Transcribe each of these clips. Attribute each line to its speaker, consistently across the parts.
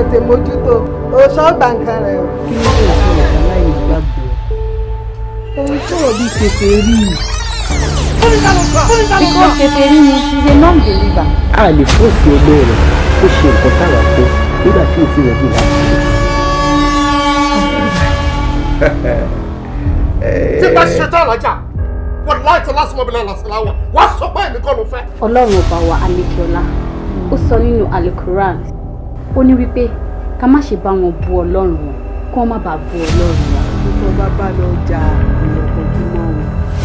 Speaker 1: tètè mójútó o ṣọ́ọ̀gbà nǹkan rẹ̀ o. kí ló dé sí ọ̀gá láì nígbàgbọ́ ohun tó o bí tètè rí i. because tètè rí mi
Speaker 2: she is a non believer.
Speaker 3: a lè fòsì ẹgbẹ́ rẹ̀ kó ṣe nǹkan táwa fẹ́ nígbà tí o
Speaker 4: ti rẹ̀ bí láti ṣe.
Speaker 5: tí bá ṣe tán
Speaker 3: lọ́jà wọ́n láì tó lásìmọ́ bí lọ́la sí láwọ̀ wọ́n sọ pé èmi kọ́ ló fẹ́.
Speaker 1: ọlọ́run ọba wa alekiola ó sọ nínú alekuran ó ní wípé ká má ṣe bá wọn bu ọlọ́run wọn kí wọ́n má bàa bu ọlọ́run wọn. tó bá bá lọ jà
Speaker 4: ìyẹn kojú mọ́ wọn.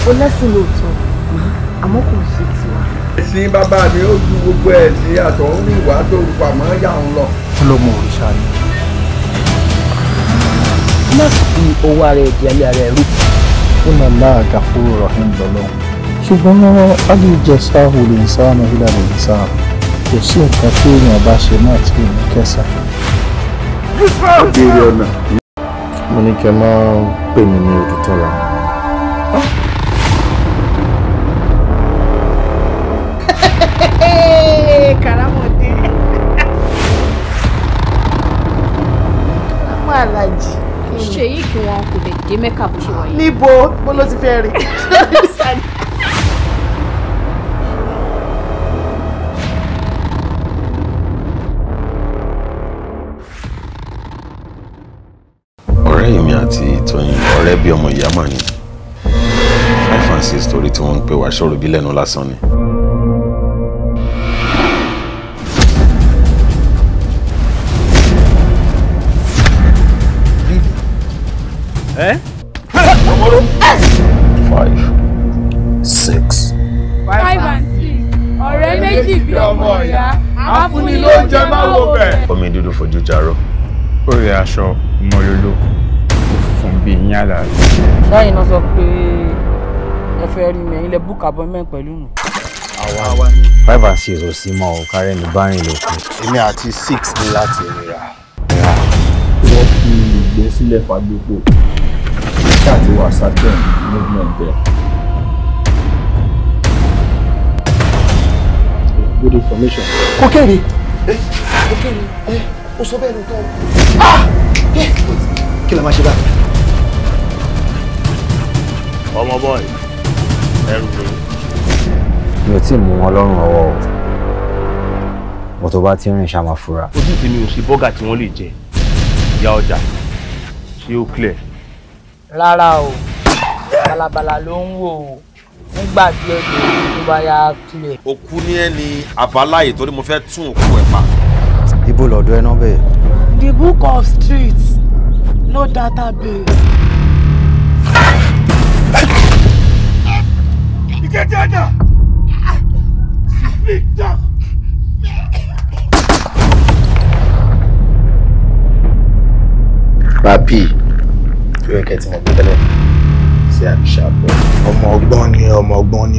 Speaker 1: ó lẹ́sìn lóòótọ́ àmọ́ kò ṣe tiwa.
Speaker 4: ẹ̀sìn bàbá mi ó ju gbogbo ẹ̀sìn àtọ̀hún ní ìwà tó rú pamọ́ yà ń lọ. ọlọ́mọ òrìṣà ni. má fi owó ara ẹ̀ di alẹ́ ara ẹ̀ rú. ó nà láàgà fúru rọ̀hìn lọ́lọ́ ṣùgbọ́n alìjẹsà ò lè sá ọmọ kò sí nǹkan tí èèyàn bá ṣe náà tí èmi kẹsà.
Speaker 3: béèrè ọ̀nà. mo ní kí ẹ máa pè mí ní Odùtọ́lá.
Speaker 1: karamọdé karamọ alájì. ṣèyí kí wọn kò lè dé mẹ́kà bó ṣe wáyé. níbo bó ló ti fẹ́ rí.
Speaker 6: tí wọ́n ń pè wá ṣòro bí lẹ́nu lásán ni.
Speaker 1: Five,
Speaker 3: six.
Speaker 1: Five and six.
Speaker 5: Ọ̀rẹ́ méjì bí ọmọ ìyá. Afúni ló ń jẹ máa wo bẹ̀.
Speaker 3: Omi dúdú fojú jarọ. Ó rí aṣọ mọ́lóló. Ó funfun bíi yín àlàyé.
Speaker 2: Ṣáà
Speaker 1: iná sọ pé ẹ fẹ́ rí mi ẹ̀yin lẹ book appointment pẹ̀lú mi. àwa
Speaker 3: ni five and six ò sí mọ́ ò kárẹ́ ní bárìn lókun. èmi àti six ní láti rira. wọ́n fi ìgbésílẹ̀ fagbépo àti wasatem movement there.
Speaker 4: good information.
Speaker 1: kókèrè eh, eh, kókèrè ó eh, sọ bẹ́ẹ̀ lóòótọ́
Speaker 3: ah! kí la máa ṣe báyìí. ọmọ bọ́ọ̀lù ẹrù rẹ.
Speaker 6: mi ò tí ì mú wọn
Speaker 1: lọ́rùn ọwọ́ o bó tó bá ti rìn ṣá máa fura. ojú
Speaker 3: tèmi ò sí bọ́gà tí wọ́n lè jẹ ìyá ọjà ṣé ó clear.
Speaker 1: rárá o
Speaker 4: balabala ló ń wò ó nígbà tí ó tó bá yá clear. òkú
Speaker 6: ni ẹ ní àbáláyé torí mo fẹ́ tún òkú ẹ̀ pa.
Speaker 1: ibo lọ́dọ̀ ẹ náà bẹ́ẹ̀. the book of streets no database.
Speaker 3: You get down now! Speak down!
Speaker 4: Papi, yóò kẹ́ tí mo gbé tẹ́lẹ̀ sí àbíṣà pọ̀.
Speaker 3: Ọmọ ọgbọ́n ni ẹ, ọmọ ọgbọ́n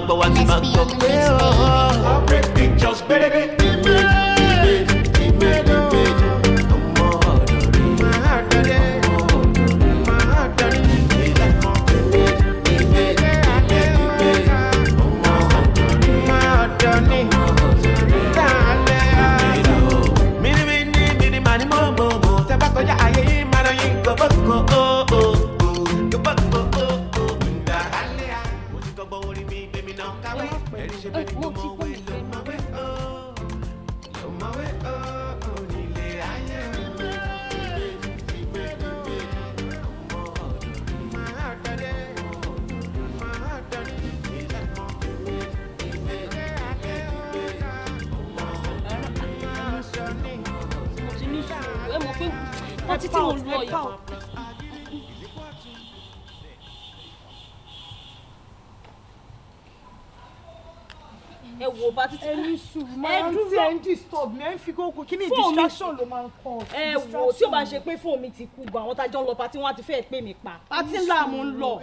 Speaker 5: back, but what's back up? Break pictures, baby. 我
Speaker 1: 要摸龟，抱起我撸一撸。sùn máa ń tí ẹ ń disturb mi ẹ ń fi kókó kí ni distraction ló máa ń kàn ẹ wo tí o bá ṣe pé fóònù mi ti kú gan àwọn tájọ́ ń lọ pátí wọn á ti fẹ́ pè mí pa
Speaker 2: pátí ńlá mo ń lọ.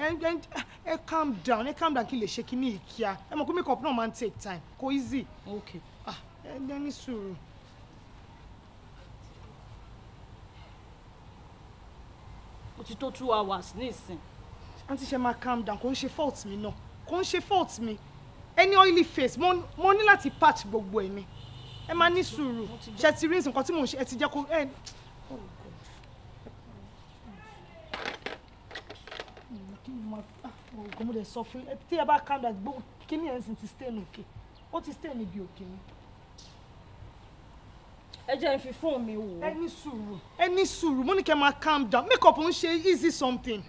Speaker 1: ẹ calm down ẹ calm down kí n lè ṣe kíní ìkíá ẹ mọ̀ pé makeup náà máa ń take time kò easy. okay ah ẹ dání sùúrù. ó ti tó two hours ní ìsìn. àǹtí ṣe máa calm down kò ń ṣe fault mi náà kò ń ṣe fault mi. No ẹni oily face mo ní láti patch gbogbo ẹ̀ mi ẹ máa ní sùúrù ṣe ti rinse nǹkan tí mò ń ṣe ẹ ti jẹ́ kó ẹ. oògùn mo lè ah, sọ fún ẹ tí ẹ bá kàn dà gbó kíní ẹ̀ ń sìn ti stain òkè ó ti stain níbi òkè mi ẹ jẹ́ n fi fóònù mi wò. ẹ ní sùúrù ẹ ní sùúrù mo ní kẹ́ máa calm down make up ń ṣe easy something.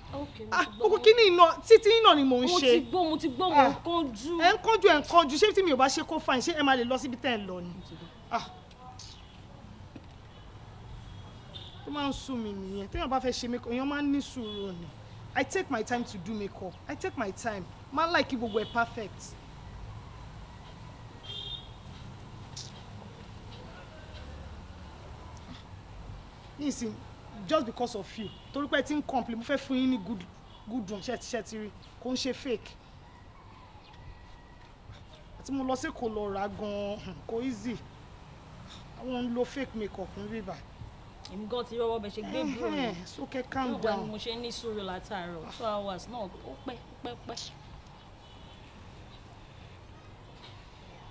Speaker 1: Ah, gbogbo kíní iná títí iná ni mò ń ṣe. mo ti gbó mo ti gbó mo ń kánjú. ẹ ń kánjú ẹ ń kánjú ṣé tí mi ò bá ṣe kó fine ṣé ẹ máa lè lọ síbi tẹ́ ẹ lọ ni. Ah. ó máa ń sùn mí nìyẹn téèyàn bá fẹ́ ṣe make up èèyàn máa ń ní sùúrù ni i take my time to do make up i take my time máa ń like gbogbo ẹ perfect. nísìn just because of you torí pé tí ń complain mo fẹ́ fún yín ní good good run ṣẹ́ẹ̀tì ṣẹ́ẹ̀tì rí kò ń ṣe fake àti mo lọ sí kò lọ rà gan-an hmm, kò easy àwọn ń lo fake makeup ń rí báyìí èmi gan ti rọwọ bẹ ṣe gbé bro mi sókè calm down nígbà ni mo ṣe ní sùúrù látàárọ̀ ah. two hours náà ó pẹ́ pẹ́ pẹ́.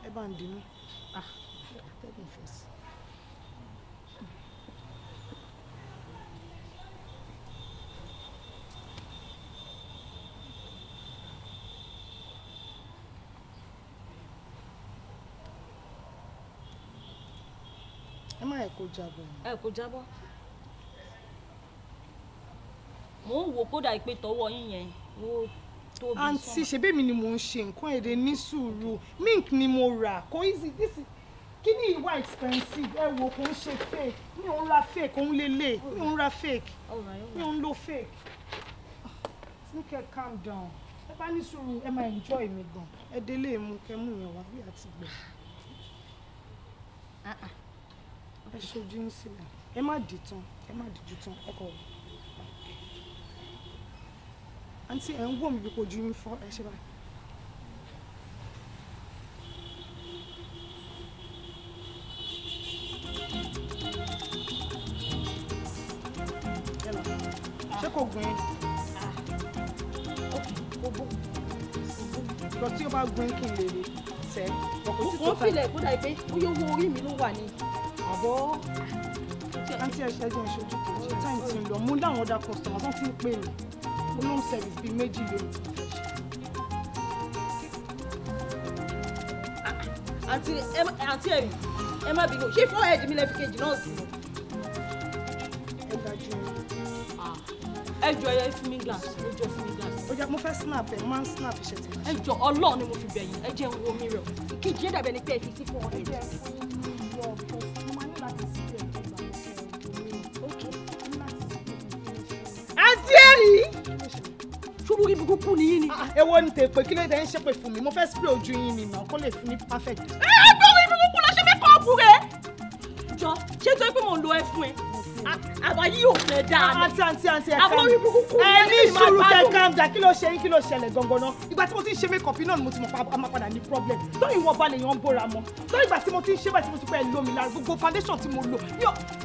Speaker 1: ẹ bá ń dinú. ah ẹ má ẹ kó jábọ́. ẹ kó jábọ́ mò ń wò kódà ìpè tọ́wọ́ yín yẹn ó tóbi sọ. àǹtí ṣebí mi ni mò ń ṣe nǹkan èdè ní sùúrù mink ni mo rà kò easy this is kíní ìwà expensive ẹ wò kò ń ṣe fake mi ò ń ra fake òun lélẹ̀ mi ò ń ra fake mi ò ń lo fake sneaker ah, calm down ẹ bá ní sùúrù ẹ máa enjoy mi gan ẹ délé mú kẹmú yẹn wá bí àti gbẹ ẹ ṣojú yín sílẹ̀ ẹ má dì tán ẹ má dìjú tán ẹ kọ̀ wọ́n. àǹtí ẹ̀ ń wò mí gbogbo ojú yín fọ́ ẹ ṣe báyìí. ṣé kò gbìn ah, lọ tí ó bá gbìn kí n lè rí tẹ ọkọ títọ́ ta. ó filẹ̀ kó dà pé ó yóò wo orí mi ló wà ní àbọ̀ àǹtí ẹ̀ṣẹ̀ jẹ́ ìṣojú kejì táyì ti ń lọ mú láwọn ọ̀dà customer tó ti ń pè mí olóhùn service bíi méjì lónìí. àǹtí àǹtí ẹ̀mí ẹ má bínú ṣé fọ́ ẹ̀jì mi lẹ́ kejì náà sí ẹ dájú ah, ẹ jọ ẹ fún mi glass ẹ jọ fún mi glass. ó jẹ́ mo fẹ́ snap ẹ̀ máa ń snap iṣẹ́ tí mo ẹ jọ ọlọ́ọ̀ ni mo fi bẹ̀yìn ẹ jẹ́ ń wo mi rẹ̀ kí jíjẹ́ dàbẹ̀ ni pé ẹ fi sí fún ọ olórí burúkú ni yín ni. èwo ah, ah, ni tèpè kí ló dé ń ṣépè fún mi mo fẹ́ spray ojú yín ni mà kó lè fún mi perfect. ẹ
Speaker 2: ẹ gbọ́ orí burúkú lọ ṣe fẹ́ kọ́
Speaker 1: ọkùnrin. jọ ṣé tó ń pè mò ń lo ẹ fún ẹ àbáyé ò fẹ́ dáa ni. àǹtí àǹtí àǹtí ẹ kàn ẹ ní sùúrù kẹ calm down kí ló ṣe yín kí ló ṣẹlẹ̀ gangan náà ìgbà tí mo ti ń ṣe mékọ̀pì náà ni mo ti mọ̀ pa máa padà ní problem tó ìwọ̀n balẹ̀ yẹn ń bóra mọ́ tó ìgbà tí mo ti ń ṣe báyìí tí mo ti pẹ́ lómi lára gbogbo foundation tí mo lò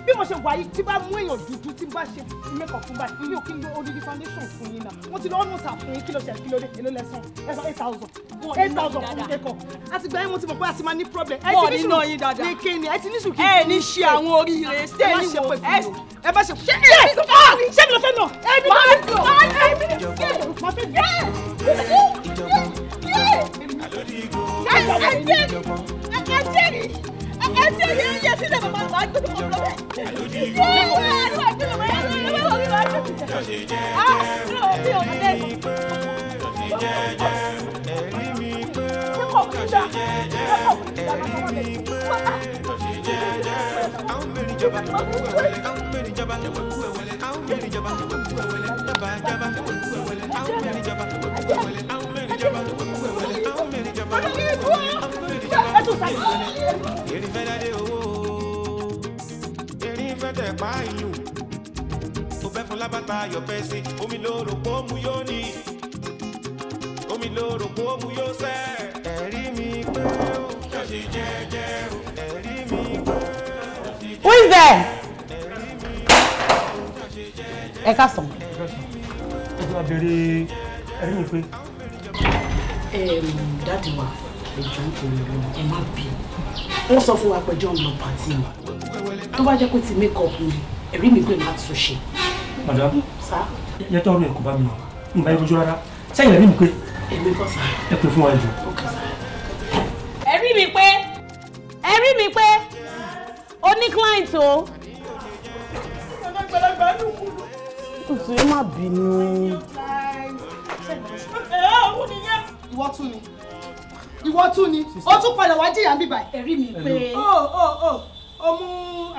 Speaker 1: bí mo ṣe wà yìí tí bá mú èèyàn dúdú tí bá ṣe mékọ̀pì báyìí mi ò kí n lo odidi foundation fún yín náà mo ti lọ́ọ́ nù sà fún yín kí ló ṣe kí ló dé èló lẹ́sàn ẹ̀sán eight thousand eight thousand fún mékọ̀ àtìgbà yẹn mo ti mọ̀ pé a ti máa ní problem ẹ ti ní sùn ní kíni ẹ ti ní sùn kí n ní ṣe àwọn oríire ṣe é ní wo ẹ ẹ má ṣe. ṣé ẹ ní kò fún mi. ṣé mi lọ fẹ́ nà. ẹ ní kò fún mi. máa ní ẹbí ní kò fún mi. máa fi yé yé yé. ẹ jẹ́ rí ẹ
Speaker 2: jẹ́ rí ẹ yẹ sílẹ̀ bàbá máa gbé bọ̀ lọ́wọ́. yé wà á lọ àgbélé wọn. ẹ wá lọ rí wọn.
Speaker 5: jaba wele awu meri jaba wele awu meri jaba wele jaba jaba wele awu meri jaba wele awu meri jaba wele awu meri omi lóru kó mu yóò sẹ́ ẹ̀rí mi pé ó ṣe jẹ́jẹ́ o. Who is
Speaker 1: there? Ẹ ká sàn. Ẹ jẹ́ abẹ́rẹ́ ẹ̀rí mi pé. Dáàdì wa, ẹ̀jọ̀ ń tòun lọ, ẹ má bí. Wọ́n sọ fún wa pé ẹjọ́ ń lọ pàtì wa. Tó bá jẹ́ pé ti make up ni, ẹ̀rí mi pé máa tún ṣe. Màdàmú. Sá.
Speaker 3: Yẹ́tọ́ ọ̀rọ̀ ẹ̀ kò bá mi lọ. Ǹbá yẹ kojú rárá. Sẹ́yìn lẹ́mí mi pé. Èmi kọ́ sá. Ẹ pè fún wa ẹ̀jọ̀. Ó kẹ́
Speaker 1: ní client o. ǹsùn yẹn má bínú. ìwọ tún ni ìwọ tún ni ó tún padà wá jìyà bíbá ẹ̀rí mi pé. ó ó ó ó mú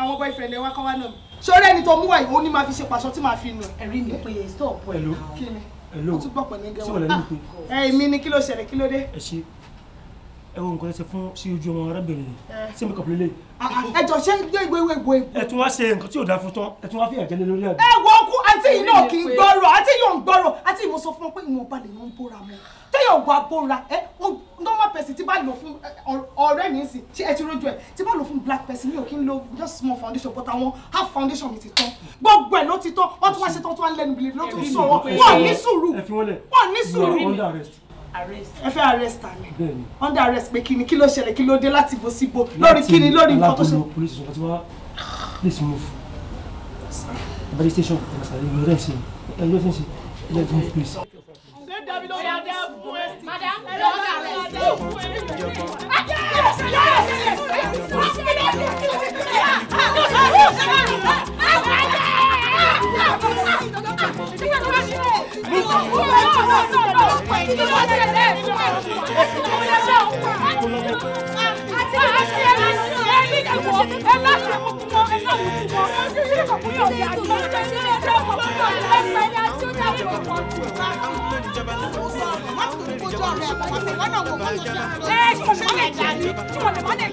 Speaker 1: àwọn boyfriend ẹ wá kọ́ wá náà sọ́rọ́ ẹni tó mú wáyé ó ní máa fi ṣe pàṣọ tí màá fi nù. ẹ̀rí mi pé stop ẹ̀ kí ni ó tún gbọ́
Speaker 6: pẹ̀lú ẹgbẹ́ wọn.
Speaker 1: ẹ̀mí ni kí ló ṣẹlẹ̀ kí ló dé. ẹ ṣe ẹ wo nǹkan ṣe fún sí ojú ọmọ arábìnrin yìí sí mi kọ̀pìlélẹ̀. ẹ jọ ṣé ìgbé ìgbé ìwé ìgbé. ẹ
Speaker 3: tún wá ṣe nǹkan tí yóò dáa fún tán ẹ tún wá fi àjẹlẹ lórí àgbẹ̀.
Speaker 1: ẹ wọ ọkú àti yìí náà kì í gbọ́rọ̀ àti yóò ń gbọ́rọ̀ àti ìmọ̀ sọ fún ọ pé ìwọ̀n balẹ̀ yóò ń bóra mọ́ téèyàn wà bóra ẹ normal person ti bá lò fún ọ̀rẹ́ mi sì ṣe ẹ ti rojú ẹ ti bá lò fún black person mi ò kí ń lo just small foundation but àwọn half foundation mi ti tán gbogbo ẹ ló ti tán wọn tún wá ṣe tán tún wá lẹ́nu bìlìbìlì ló tún sọ wọn ní sùúrù wọn ní sùúrù ẹ fẹ́ arrest mi under arrest pé kí ni kí ló ṣẹlẹ̀ kí ló dé láti bo síbo lórí kí ni lórí nǹkan tó ṣe.
Speaker 5: police sọ̀rọ̀ tí wọ́n please move abẹ́rẹ́ station ẹ̀rọ ìrọ̀rẹ́ ṣe ẹ̀rọ ìrọ̀rẹ́ ṣe ẹ̀rọ
Speaker 1: ìrọ̀rẹ́ ṣe please. ṣé
Speaker 2: dábì ló yà dá fún ẹ. madam ẹ lọ sí àlẹ́ ìjọ. yẹ́sì yẹ́sì yẹ́sì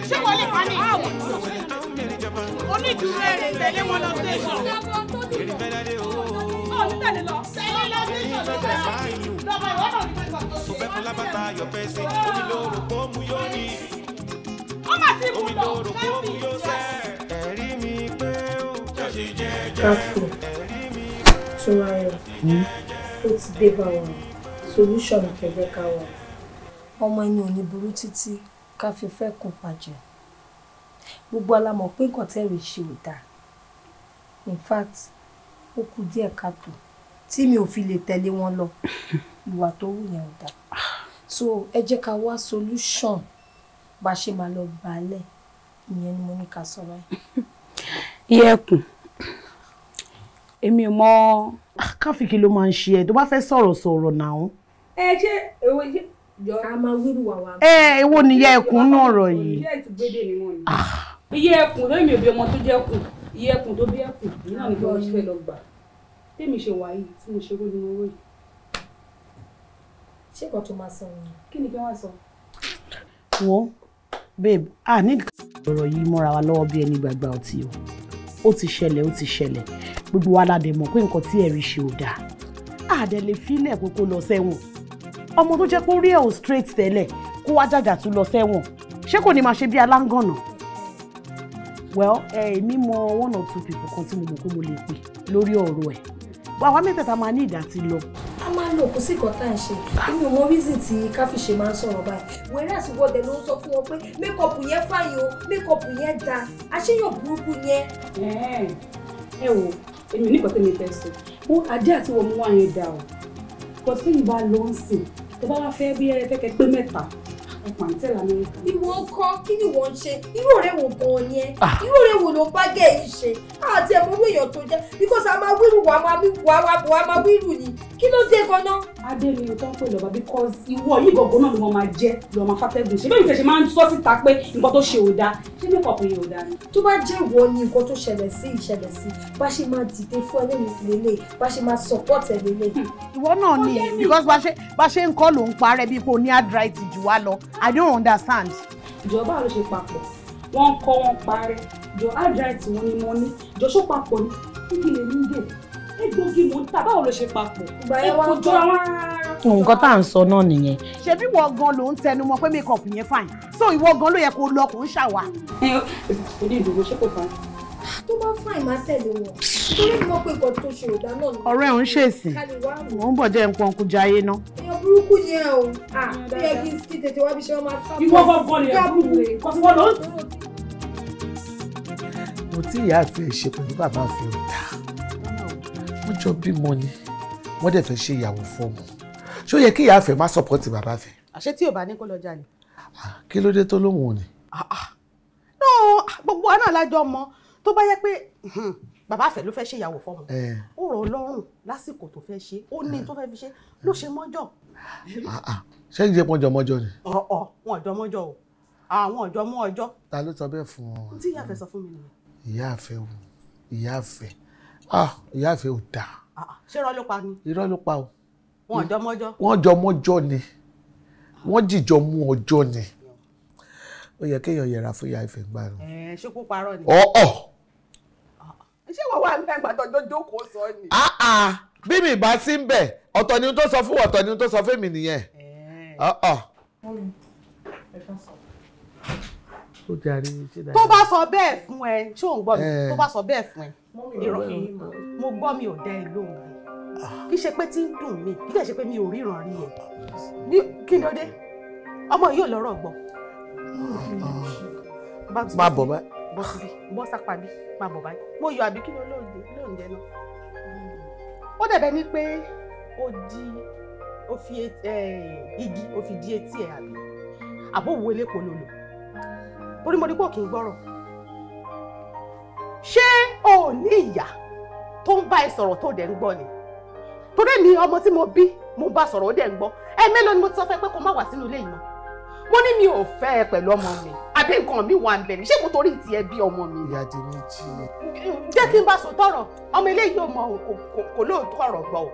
Speaker 5: ṣé wọlé ìjọba. onídùúró
Speaker 1: èrè tẹ̀lé wọn lọ tẹ̀sán.
Speaker 5: èrè fẹ́ dáadé o.
Speaker 1: ọ̀ ní tẹ̀lé lọ. tẹ̀lé lọ tẹ̀sán ló
Speaker 5: fẹ́ fà yín. lọ́ba
Speaker 1: ìwọ náà ní tẹ̀sán tó ṣe.
Speaker 5: òfẹ́ fún lábàtà ayọ̀ sí. omi lóru kó mu yóò ní. ó mà ti mú lọ kó mu yóò sẹ́. ẹ̀rí mi pé ó hmm? ó ti
Speaker 1: dé bá wa solution kẹ̀kẹ́ ká wa ọmọ ẹni ò ní burú títí ká fi gbogbo alamọ̀ pé nǹkan tẹ́rì ṣe ò dáa in fact ó kù díẹ̀ káàtó tí mi ò fi lè tẹ̀lé wọn lọ ìwà tó wù yẹn ò dáa so ẹ jẹ́ ká wá solution bá ṣe máa lọ gbàálẹ̀ ìyẹn ni mo ní ká sọ báyìí. iyẹ̀kùn èmi ò mọ ah, káfíkì ló máa ń ṣe ẹ tó bá fẹ́ sọ̀rọ̀ sọ̀rọ̀ náà. ẹ ṣe èwo ṣe jọ a máa wíru wàwá. ẹ eh, èwo nìyẹn ẹkùn náà rọ yìí iye ẹkùn lóyún mi ò bí ọmọ tó jẹ́ ẹkùn iye ẹkùn tó bí ẹkùn yìí náà ni bí wọ́n ṣe fẹ́ lọ gbà tèmi ṣe wà yìí tí mo ṣe kó ní mo wọ́ yìí. ṣé ìkan tó máa sọ wọn. kí ni kí wọ́n sọ. wo babe a ní ọ̀rọ̀ yìí mọ́ra wa lọ́wọ́ bí ẹni gbàgbà ọtí o ó ti ṣẹlẹ̀ ó ti ṣẹlẹ̀ gbogbo wa la dẹ̀ mọ̀ pé nǹkan tí ẹ̀rí ṣe ò dáa àdẹ̀ lè fílẹ̀ pé kó lọ sẹ́wọ̀n ọmọ tó jẹ́ pé ó rí ẹ̀ ò straight tẹ́lẹ̀ kó wá jàgà tún lọ sẹ́wọ̀n ṣé kò ní máa ṣe bí aláǹgànà well eh, èmi mọ one or two people kan tí mo mọ̀ pé mo lè pè lórí ọ̀rọ̀ ẹ̀ àwa mẹ́tẹ̀ẹ̀ta máa ní ìdá ti lọ. a máa ń lo òkú sí ìkan tá à ń ṣe inú wọn reason tí káfíṣe máa ń sọ̀rọ̀ báyìí wẹ́rẹ́ àsìwọ́dẹ ló ń sọ fún wọn pé mékọ̀pù yẹn fààyè o mékọ̀pù yẹn da àṣeyàn burúkú yẹn. ẹ wo èmi nígbà tí mi fẹ́ sọ mo adé àti wọn mú wáyé dà o kò sí ìbá lọ́ọ̀sìn tó bá wá fẹ́ bí ẹ fẹ́ kẹ pé mẹ́ta pàǹtẹ́ lamẹ́ríkà. ìwọ kọ kí ni wọ́n ń ṣe irú ọ̀rẹ́ wo gan-an ni ẹ ah. irú ọ̀rẹ́ wo ló bá gẹ̀ yìí ṣe àti ẹ̀mọ́ owó èèyàn tó jẹ́ because a máa wíru wa máa wá wa bọ̀ a máa wíru ni kí ló dé gan-an. adé ni o tó ń lọ́ba because ìwọ yìí gọ̀gọ́ náà ni wọ́n máa jẹ́ lọ́ máa fàtẹ́gùn ṣé bẹ́ẹ̀ ni tẹ̀sí máa ń sọ síta pé nǹkan tó ṣe ò dáa ṣé mẹ́kọ̀ọ́ pé ò dáa ni. tó bá jẹ́ ìwọ ni nǹkan tó ṣẹlẹ̀ sí ìṣẹ̀lẹ̀ sí bá ṣe máa dìde fún ẹlẹ́yìn lélẹ̀ bá ṣe máa support ẹ̀ lélẹ̀. Hmm. ìwọ náà ni because bá ṣe ń kọ́ ló ń parẹ́ bí ipò ní adright jù wá lọ I don't understand. ìjọba ló ṣe papọ̀ wọ́n ń kọ́ wọn parẹ́ jọ ájáìtì wọn ni mo ní jọ ṣó papọ̀ ní kíkì lè ní dè egbògi mò ń tà báwo ló ṣe papọ̀ èkó jọra wọn rárá. nǹkan tá à ń sọ náà nìyẹn. ṣebí ìwọ gan ló ń tẹnu mọ́ pé makeup yẹn fine so ìwọ gan ló yẹ kó lọ kó ń ṣàwà. ó ní ìdòwò ṣé kò fà á tó bá fún àìmá tẹ̀lé wọn torí mo pe nǹkan tó ṣòro dáná ni. ọ̀rẹ́ ò ń ṣèṣì mò ń bọ̀ jẹ́ nǹkan kú jayé ná. èèyàn burúkú yẹn o ah, ó yẹ kí n tètè wá bí ṣe wọn máa sá fún ìwọ gbọ́ ni ìyá burúkú kọsí wọn lọ.
Speaker 6: mo tí ìyá àfẹ́ ṣe pẹ̀lú bàbá àfẹ́ ò dáa wọ́n jọ bímọ ni wọ́n dẹ̀ fẹ́ ṣe ìyàwó fọ́ọ̀mù ṣó yẹ kí ìyá àfẹ́ má sọ̀pọ̀tì bàbá àfẹ́.
Speaker 1: àṣé tí ò bá ní kó lọ jalè.
Speaker 6: kí ló dé tó lóhùn òní.
Speaker 1: Ah, ah. gbogbo àná alájọ mọ tó bá yẹ pé hmm, bàbá àfẹ́ ló fẹ́ ṣe ìyàwó fọ́ọ̀mù eh. ó rọ̀ ọlọ́run lásìkò tó fẹ́ ṣe ó ní eh. tó fẹ́ fi ṣe ló ṣe mọ́jọ́ Ah, ah.
Speaker 6: ṣé ìjẹ́ pọ́n jọmọ́jọ́ ni.
Speaker 1: ọ̀ọ̀ wọn jọmọ́jọ́ o àwọn ọjọ́ mú ọjọ́.
Speaker 6: ta ló sọ bẹ́ẹ̀ fún wọn.
Speaker 1: tí ìyá àfẹ́ sọ fún mi nìyẹn.
Speaker 6: ìyá àfẹ́ o ìyá àfẹ́ ah ìyá àfẹ́ ò dáa. ṣé irọ́ ló pa ni. irọ́ ló pa o.
Speaker 1: wọn jọmọ́jọ́. wọn
Speaker 6: jọmọ́jọ́ ni wọ́n jìjọ mú ọjọ́ ni ó yẹ kéèyàn yẹra fún ìyá ìfẹ́ gbà.
Speaker 1: ẹ ṣé kó parọ́ ni. ọ̀ọ́.
Speaker 4: ṣé wọ́n wà ní ẹgbàá tó jókòó sọ ni.
Speaker 6: Ah, bí mi bá sí ń ọ̀tọ̀ ni tó sọ fún wa ọ̀tọ̀ ni tó sọ fún ah, ah. mi nìyẹn. tó bá
Speaker 1: sọ bẹ́ẹ̀ fún ẹ ṣé òun gbọ́ mi tó bá sọ bẹ́ẹ̀ fún ẹ mo gbọ́ mi ò dá ẹ lóhùn ah. kí ṣe pé tí ń dùn mí kí ṣe pé mi ò ríran rí ẹ ní kí ló dé ọmọ yìí ò lọ́rọ̀ gbọ́. má bọ̀ bá. bọ́ síbi bọ́ sápá bí má bọ̀ bá. mo yọ àbí kí ló lóòjẹ́ náà. ó dẹ̀ bẹ́ẹ̀ ni pé ó di ó fi e, igi ó fi di etí ẹ̀ àbí àbó wo elépo ló lò torí mo ní pò kí n gbọ́rọ̀ ṣé o ò ní ìyá tó ń bá ẹ sọ̀rọ̀ tó dẹ̀ ń gbọ́ ni torí mi ọmọ tí mo bí mo bá sọ̀rọ̀ ó dẹ̀ ń gbọ́ ẹ mélòó ni mo ti sọ fẹ́ pé kó má wà sínú ilé yìí mo ní mi ò fẹ́ ẹ pẹ̀lú ọmọ mi àbí nǹkan mi wà ń bẹ̀ mí ṣé mo torí tiẹ̀ bí ọmọ mi. ìyá tèmi jí. jẹ́ kí n bá sọ tọrọ ọmọ eléyìí ò mọ kò lóòótọ́ ọ̀rọ̀ gbọ́ o.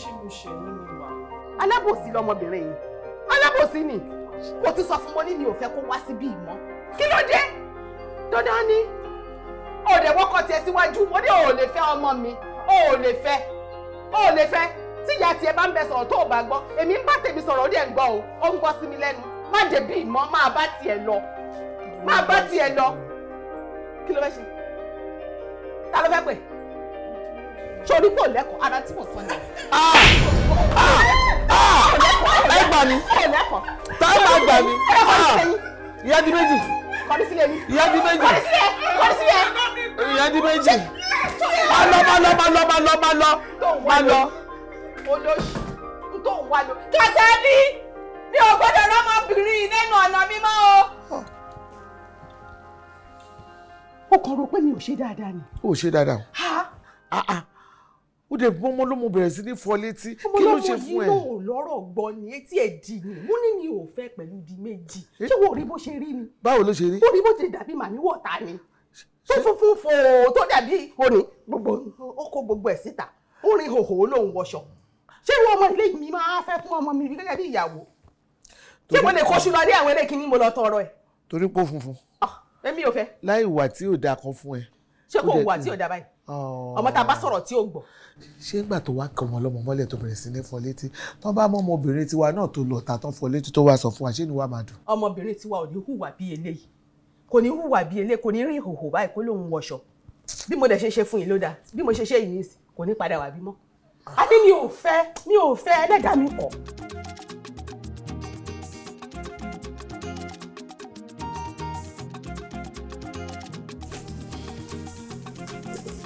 Speaker 1: ṣé mo ṣe nínú wa. alábòsí lọmọbìnrin yìí alábòsí ni mo ti sọ fún mo ní mi ò fẹ́ kó wá síbí mọ́ kí ló dé dandan ni òde wọ́kọ̀ tiẹ̀ síwájú mo ní òun lè fẹ́ ọmọ mi òun lè fẹ́ òun lè fẹ́ tíyà tiẹ̀ bá ń bẹ sọ̀rọ̀ tó o bá gbọ́ èmi ń bá tèmi sọ̀rọ̀ ó dẹ̀ ń gbọ́ o ó ń gbọ́ sí mi lẹ́nu má débí ìmọ̀ máa bá tiẹ̀ lọ máa bá tiẹ̀ lọ kí ló fẹ́ ṣe ta ló fẹ́ pè sori kò lẹ́kọ̀ọ́ ara tí mo sọ ni. Ah! Ah! Ah! ẹ gbà mí
Speaker 2: tá a máa gbà mí
Speaker 6: ìyá di méjì ìyá di méjì ìyá di méjì má lọ má lọ má lọ má lọ má lọ má lọ.
Speaker 1: olóṣù tó wà ló kẹsẹ́ ní mi ò gbọ́dọ̀ rọ́mọbìnrin lẹ́nu ọ̀nà mi mọ́ o ó kàn rò pé mi ò ṣe dáadáa ni. ó ṣe dáadáa o. ha ha
Speaker 6: ó dẹ̀ bọ́ ọmọ lọ́mọ bẹ̀rẹ̀ sí ní fọ létí kí ló ṣe fún ẹ. ọmọ lọ́mọ
Speaker 1: yìí ló lọ́rọ̀ gbọ́ ni etí ẹ̀ di ni mo ní ni ò fẹ́ pẹ̀lú di méjì eh? ṣé wo rí bó ṣe rí ni. báwo ló ṣe rí. ó rí bó ti dàbí màmí wọ̀ta ni tó funfun fòó tó dàbí òní gbogbo ó kó gbogbo ẹ̀ síta ó rin hòhò lóun wọṣọ ṣé ìwọ ọmọ ilé mi máa fẹ́ fún ọmọ mi gẹ́gẹ́ bí ìyàwó ṣé mo lè kóṣù lọ dé àwọn eléyìí
Speaker 6: kí ni mo lọ tọrọ ẹ̀. torí pó funfun. Ah èmi ò fẹ́. láì wà tí ò dáa kan fún ẹ. ṣé kò wà tí ò dáa báyìí. Oh. ọmọ tá a bá
Speaker 1: sọ̀rọ̀ tí ò gbọ́.
Speaker 6: ṣé ìgbà tó wá kàn wọ́n lọ́mọ mọ́lẹ̀ tó bẹ̀rẹ̀ sí ní fọ létí tó bá mọ ọmọbìnrin tiwa náà tó lọ tà tán fọ létí tó wá sọ fún wa ṣé ni wàá máa dùn.
Speaker 1: ọmọbìnrin tiwa ò ní hùwà bí eléyìí kò ní hùwà bí eléyìí kò ní rí ìhòhò báyìí kó lóun wọṣọ bí mo dẹ̀ ṣe ṣe fún yín ló dáa bí mo ṣe ṣe yìí kò ní padà wà bímọ. adé mi ò fẹ́ mi ò fẹ́ ẹlẹ́dàá mi kọ̀.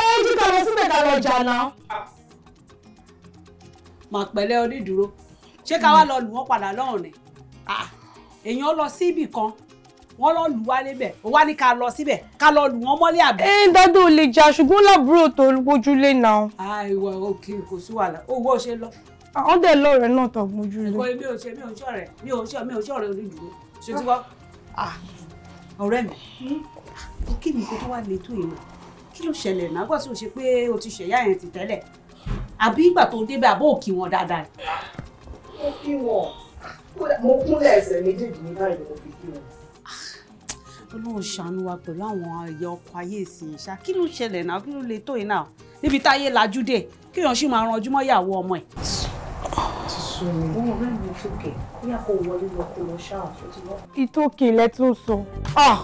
Speaker 1: ẹ jí ká lọ síbẹ̀ ká lọ jà náà. màá pẹ̀lẹ́ onídùúró ṣé ká wá lọ lù wọ́n padà lọ́hùn ni èèyàn lọ sí ibì kan wọ́n lọ lù wá níbẹ̀ ó wá ní ká lọ síbẹ̀ ká lọ lù wọ́n mọ́lẹ̀ àbẹ̀. ẹ dọ́dọ̀ lè jà ṣùgbọ́n lábúrò tó gbójúlé náà. àìwọ òkè kò sí wàhálà owó ṣe lọ. àwọn dẹ̀ lọ́rẹ̀ náà tó gbójúlé. ẹ̀kọ́ mi ò ṣe mi ò ṣọ̀rẹ́ mi ò ṣe mi ò ṣọ̀rẹ́ onídùúró ṣe tí wọ́n. ọ̀rẹ́ mi hmm? kí ni kó tó wà létò yìí náà kí ló ṣẹlẹ̀ náà gbọ́dọ̀ tí o ṣe pé o ti ṣẹ̀yà yẹn ti tẹ́lẹ̀ àbí ìgbà tó débẹ̀ àbó òkì wọn dáadáa. mo kí wọn mo kúnlẹ̀ ẹsẹ̀ méjèèjì ní báyìí mo fi kí wọn. olóhùn ṣàánú wa pẹ̀lú àwọn ẹ̀yà ọkọ̀ ayé ìsìn ìṣá kí ló ṣẹlẹ̀ náà kí ló le tó yìí náà níbi táyé lajú dé kéèyàn sì máa ranjú mọ́ ìyàwó ọmọ ẹ̀. ìtòkè lẹ tún sọ. Ah!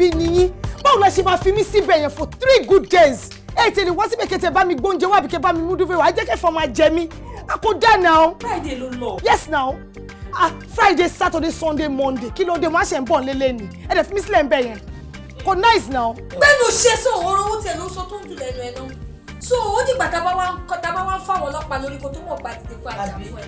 Speaker 1: ẹbí nìyí báwo la ṣe máa fi mí síbẹ̀ yẹn for three good days ẹ tèlè wá síbẹ̀ kẹtẹ bá mi gbóúnjẹ wá àbí kẹ bá mi mú dúró wá jẹ́ kẹfọ́ máa jẹ mí àkódà náà. friday ló lọ. yes now ah friday saturday sunday monday kí ló dé wọn á ṣe ń bọ̀ ń lélẹ̀ ni ẹ dẹ̀ fi mí sílẹ̀ ń bẹ̀ yẹn kò nice now. gbẹ́nu ṣe sọ ọ̀rọ̀ owó tẹ̀ ló sọ tó ń dùn lẹ́nu ẹ̀ náà so ó dìgbà tá a bá wá ń kọ́ tá a bá wá ń fáwọn ọlọ́pàá lórí kó tó mọ̀ gba tètè fún àjà fún ẹ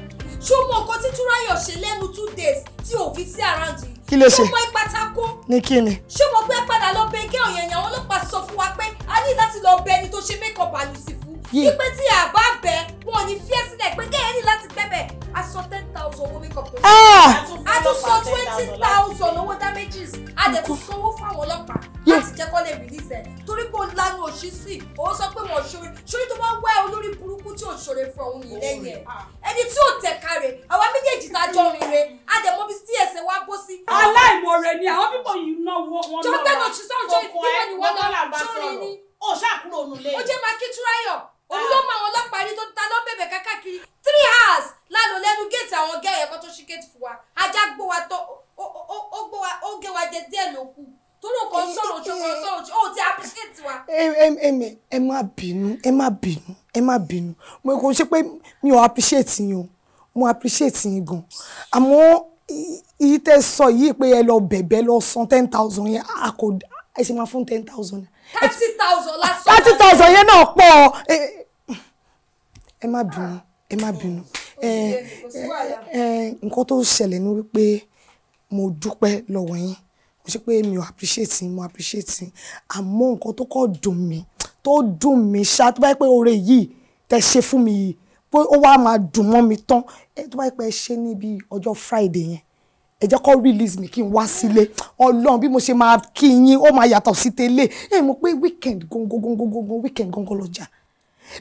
Speaker 1: ṣó mọ nǹkan tí túráyọ̀ ṣe lẹ́nu two days tí ò fi sí àrántí kí ló ṣe. ṣùgbọ́n ipa ta kó. ní kí ni. ṣùgbọ́n pé padà lọ bẹ gẹ́ òyìnbó àwọn ọlọ́pàá sọ fún wa pé a ní láti lọ bẹ ẹni tó ṣe make up àlùsí wípé tí àbá bẹ wọn ò ní fi sílẹ̀ pé kéèyàn ní láti pẹ́ a sọ ten thousand owó makeup ah! a tún sọ twenty thousand owó damages a dẹ̀ tún sanwó fún àwọn ọlọ́pàá láti jẹ́ kó lè release ẹ̀ torí pé ó lanu òṣì sí òun sọ pé wọn ṣoore ṣoore tó bá wá ẹ olórí burúkú tí ò ṣoore fún òun yìí lẹ́yìn ẹ̀ ẹni tí ò tẹ̀ kárẹ̀ àwa méjèèjì tá a jọ rire a dẹ̀ mọ́bi tí ẹsẹ̀ wa bó sí. aláìmoore ni àwọn pípọ̀ yìí náwó wọn náà jọ́gbẹ́nà òṣìṣẹ́ òṣìṣẹ́ ìbílẹ̀ ni wọ́n náà sórí ni. ó ṣàkúrò ònú lẹ́yìn. ó jẹ́ máa túráyọ̀ òun ló mọ àwọn ọlọ́pàá ní tó ta ló bẹ̀bẹ̀ kákàkiri three hours lálọ́ lẹ́nu géètì àwọn gẹ́ ẹ̀kọ́ tó ṣí géètì fún wa ajá gbó wa tó ó gé wa jẹ díẹ̀ ló kù torí o kò sọ̀rọ̀ ojú kò sọ̀rọ̀ ojú o ti appreciate wa. ẹ má bínú ẹ má bínú ẹ má bínú mo kò ṣe pé mi ò appreciate yín o mo appreciate yín gan àmọ́ iye tẹ́ sọ yìí pé ẹ lọ bẹ̀bẹ̀ lọ san ten thousand yẹn a kò ẹ ṣe máa fún ten thousand. thirty thousand
Speaker 2: lásán. thirty thousand yẹn
Speaker 1: náà pọ̀ ẹ ẹ má bínú ẹ má bínú nǹkan tó ṣẹlẹ̀ ni wípé mo dúpẹ́ lọ́wọ́ yín mo ṣe pé mi ò appreciate mo appreciate àmọ́ nǹkan tó kọ́ dùn mí tó dùn mí ṣá tó bá yẹ pé oore yìí tẹ ṣe fún mi yìí pé ó wá máa dùn mọ́ mi tán tó bá yẹ pé ẹ ṣe níbi ọjọ́ Friday yẹn ẹ jẹ́ kó release mi kí n wá sílé ọlọ́run bí mo ṣe máa kí yín ó máa yàtọ̀ sí tẹ́lẹ̀ ẹ mọ̀ pé weekend gongongongongon weekend gongon lọ́jà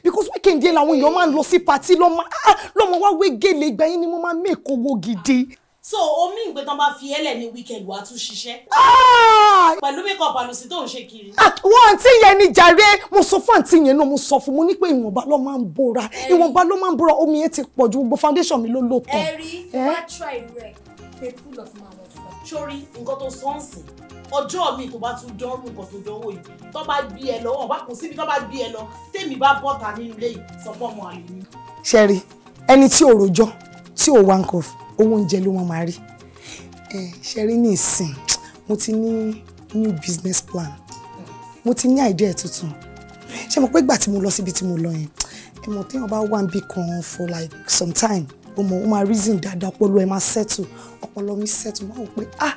Speaker 1: because weekend yẹn làwọn èèyàn máa ń lọ sí patí lọ́mọ ah, wá wé gèlè ìgbà yẹn ni mo máa mẹ́kọ̀ owó gidi. so omi ìgbé tán bá fi ẹlẹ ní weekend wàá tún ṣiṣẹ́. Ah! pẹ̀lú makeup àlùsí tó ń ṣe kiri. wọ́n àǹtí yẹn ni jàre mo sọ fún àǹtí yẹn náà mo sọ fún mo ní pé ìwọ̀nba ló máa ń bóra ìwọ̀nba ló máa ń bóra omi yẹn ti pọ̀ ju gbogbo foundation mi ló lò tán. ẹ̀rí wá try rẹ̀ pé pull off máa wọ̀ sórí nǹkan tó sọ́ọ̀sì ọjọ́ mi tó bá tún dánwò nǹkan tó dánwò yìí tó bá bí ẹ lọ́wọ́ bá kò síbi tó bá bí ẹ lọ tèmi bá bọ́ta nínú ilé yìí sọ fún ọmọ àlè mi. ṣẹ́rí ẹni tí ò rojọ́ tí ò wá nǹkan owó oúnjẹ ló wọ́n máa rí ṣẹ́rí ní ìsìn mo ti ní new business plan mo ti ní idea tuntun ṣé mo pé gbà tí mo lọ síbi tí mo lọ yẹn ẹ mọ̀ téèyàn bá wà níbì kan for like some time o mọ̀ o máa reason dáadáa ọpọlọ ẹ máa settle ọpọlọ mi settle máa wò pé ah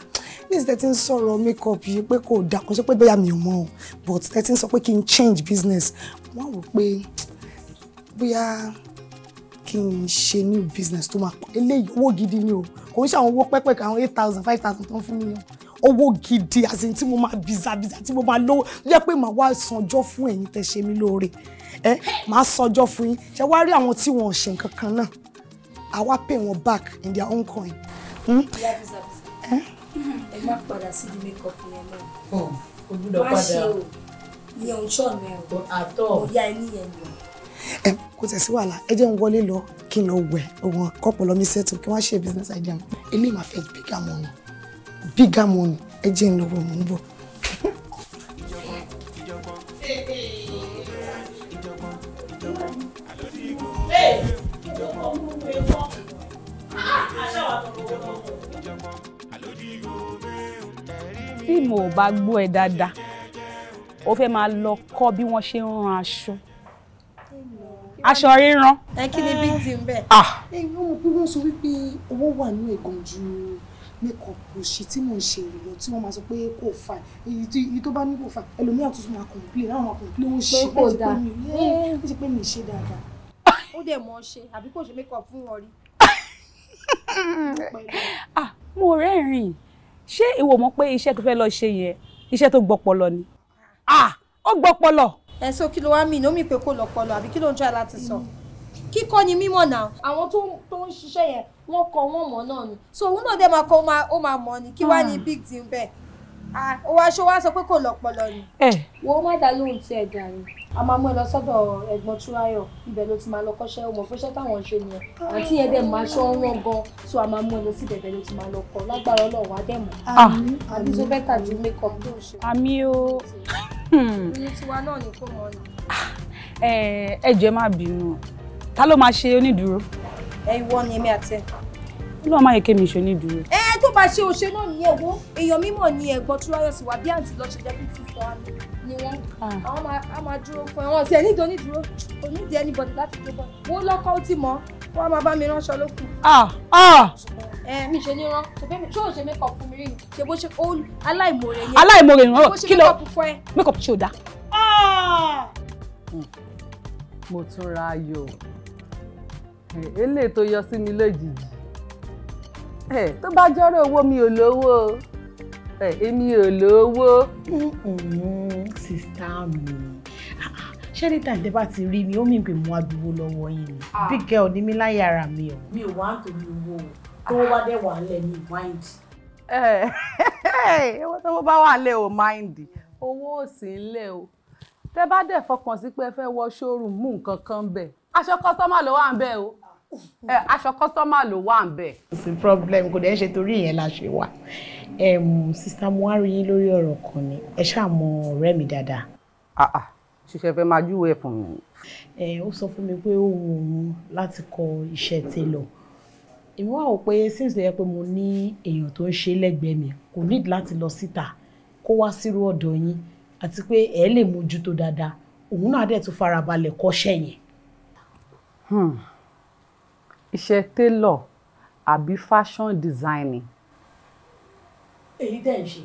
Speaker 1: business tẹ́tí ń sọ̀rọ̀ makeup yìí pé kò dà kó ṣe pé bóyá mi ò mọ̀ o but tẹ́tí ń sọ pé kí n change business wọ́n wò pé bóyá kí n ṣe new business tó máa pọ̀ eléyìí owó gidi ni o kò ń ṣe àwọn owó pẹ́pẹ́ kan àwọn eight thousand five thousand tó ń fún mi yàn owó gidi àti tí mo máa bizabiza tí mo máa lówó yẹ pé màá wá sanjọ́ fún ẹ̀yin tẹ́ ṣe mí lóore ẹ màá sanjọ́ fún yín ṣe wá rí àwọn tí wọn ò ṣe nǹkan kan náà àwa pay wọn back in their own coin. Hmm.
Speaker 2: Yeah, visa, visa.
Speaker 1: Eh? ẹ má padà sí di makeup yẹn náà. o gbúdọ̀ padà má ṣe o ìyẹn ò ń ṣọ̀nà ẹ̀ o àtọ̀ mo yá ẹ níyẹn lọ. ẹ kò tẹ̀sí wàhálà ẹ jẹ́ ń wọlé lọ kí n lọ wẹ̀ òun kọ́pọ̀ lọ mi sẹ́tù kí wọ́n ṣe business idea mi eléyìí máa fẹ́ bigger money bigger money ẹ jẹ́ ń lọ wọ̀ mọ́ ń bọ̀. tí mo bá gbọ́ ẹ dáadáa ó fẹ́ máa lọ kọ́ bí wọ́n ṣe ń ran aṣọ aṣọ ríran. ẹ kí ni bí ti ń bẹ. Ah! ẹ wọ́n mọ̀ pé wọ́n sọ wípé owó wà ní ẹ̀gàn ju mẹ́kọ̀ọ̀pù ṣì tí mò ń ṣe lọ tí wọ́n máa sọ pé kò fà èyí tó bá ní kò fà ẹlòmíràn tó máa kọ̀ǹplé láwọn máa kọ̀ǹplé wọ́n ṣe pé ó ti pé mi ṣe dáadáa. ó dẹ̀ mọ̀ ṣe àbí kò ṣe mẹ́kọ̀ọ̀pù fún wọn rí. Ah! mo rẹ́rìn-ín ṣé ìwọ mọ̀ pé iṣẹ́ tó fẹ́ lọ ṣe yẹn iṣẹ́ tó gbọ́pọlọ ni ah ó gbọ́pọlọ. ẹ so kí ló wá mí lómi pé kó lọ pọlọ àbí kí ló ń try láti sọ kíkọ́ ni mímọ̀ náà àwọn tó ń ṣiṣẹ́ yẹn wọ́n kọ́ wọ́n mọ̀ náà ni so òun náà dẹ́ máa kọ́ ó máa mọ̀ ni kí wá ní hmm. big deal bẹ́ẹ̀ o ah, wá ṣó wá sọ pé kò lọ́pọlọ ni. Eh. wo má dá lóhùn tí ẹ dàrú a máa mú ẹ lọ sọ́dọ̀ ẹ̀gbọ́n túráyọ̀ ibẹ̀ ló ti máa lọ kọ́ṣẹ́ ọmọ fúnṣẹ́ se ṣe nìyẹn àti yẹn dẹ̀ máa ṣọ́ ń rán gan so a máa mú ẹ lọ sí bẹ̀bẹ̀ ló ti máa lọ kọ́ lágbára ọlọ́run á dẹ̀ mọ́ ah. àbí tó bẹ́ tà ju makeup tó ń ṣe. àmì o. Hmm. oyún tiwa náà ni kò mọ̀ ọ́nà. Eh, ẹ jẹ́ má bínú ta ló máa ṣe onídùúró. ẹ eh, ìwọ ni èmi àti ẹ ló máa yẹ kémi ṣe nídùúró. ẹ ẹ tó bá ṣe òṣè náà ní ẹwọ èèyàn mímọ̀ ní ẹ̀gbọ́n tó ráyọ sí wa bí àǹtí lọ ṣe jẹ fún fífọ àmì ni wọn ah. àwọn á máa dúró fún ẹ wọn sì ẹ nídìí onídùúró onídìí anybody láti dúró bọ wọn lọkọ ó ti mọ kó wá máa bá mi ránṣọ ló kù. Ah, ah. ẹ mi ṣe ní rán ṣé o ṣe mẹkọ fún mi rí ni ṣe bó ṣe aláìmoore ni. aláìmoore ni wọn kí ló mẹkọ ṣe ò dá. mo tún ra ayò eléyìí
Speaker 6: tó yọ sí mi lójijì
Speaker 1: tó bá jọ́rọ̀ owó mi ò lówó èmi ò lówó. sista mi ah, ah, ṣé ní tàǹdé bá ti rí mi ó mì pé mo á gbowó lọ́wọ́ yín ni bí kẹ́ ò ní mi láyé ara mi o. mi ò wá nítorí owó o wá dé wà á lẹ̀ mi mind. owó tó bá wà á lẹ̀ o mind owó ò sí ń lẹ̀ o tẹ bá dẹ̀ fọkàn sí pé ẹ fẹ́ wọ showroom mú nǹkan kan bẹ̀ aṣọ kọ́sọ́mà ló wà ń bẹ̀ o aṣọ kọ́sọ́mà ló wà ń bẹ̀. kò sí problem kò dẹ̀ ṣe torí ìyẹn la ṣe wà sista mo wá rí yín lórí ọ̀rọ̀ kan ni ẹ ṣáà mọ ọ̀rẹ́ mi dáadáa. Ah, ah, ṣiṣẹ́ fẹ́ máa júwe fún mi. ó sọ fún mi pé ó wù òun láti kọ iṣẹ́ télọ̀ èmi wá wò pé since lóye pé mo ní èèyàn tó ń ṣe lẹ́gbẹ̀ẹ́ mi kò need láti lọ síta kó wá sírú ọ̀dọ̀ yín àti pé ẹ lè mójútó dáadáa òun náà dẹ̀ tún farabalẹ̀ kọ́ṣẹ́ yẹn. Hmm iṣẹ́ tailor àbí fashion designing. èyí tẹ̀ ń ṣe.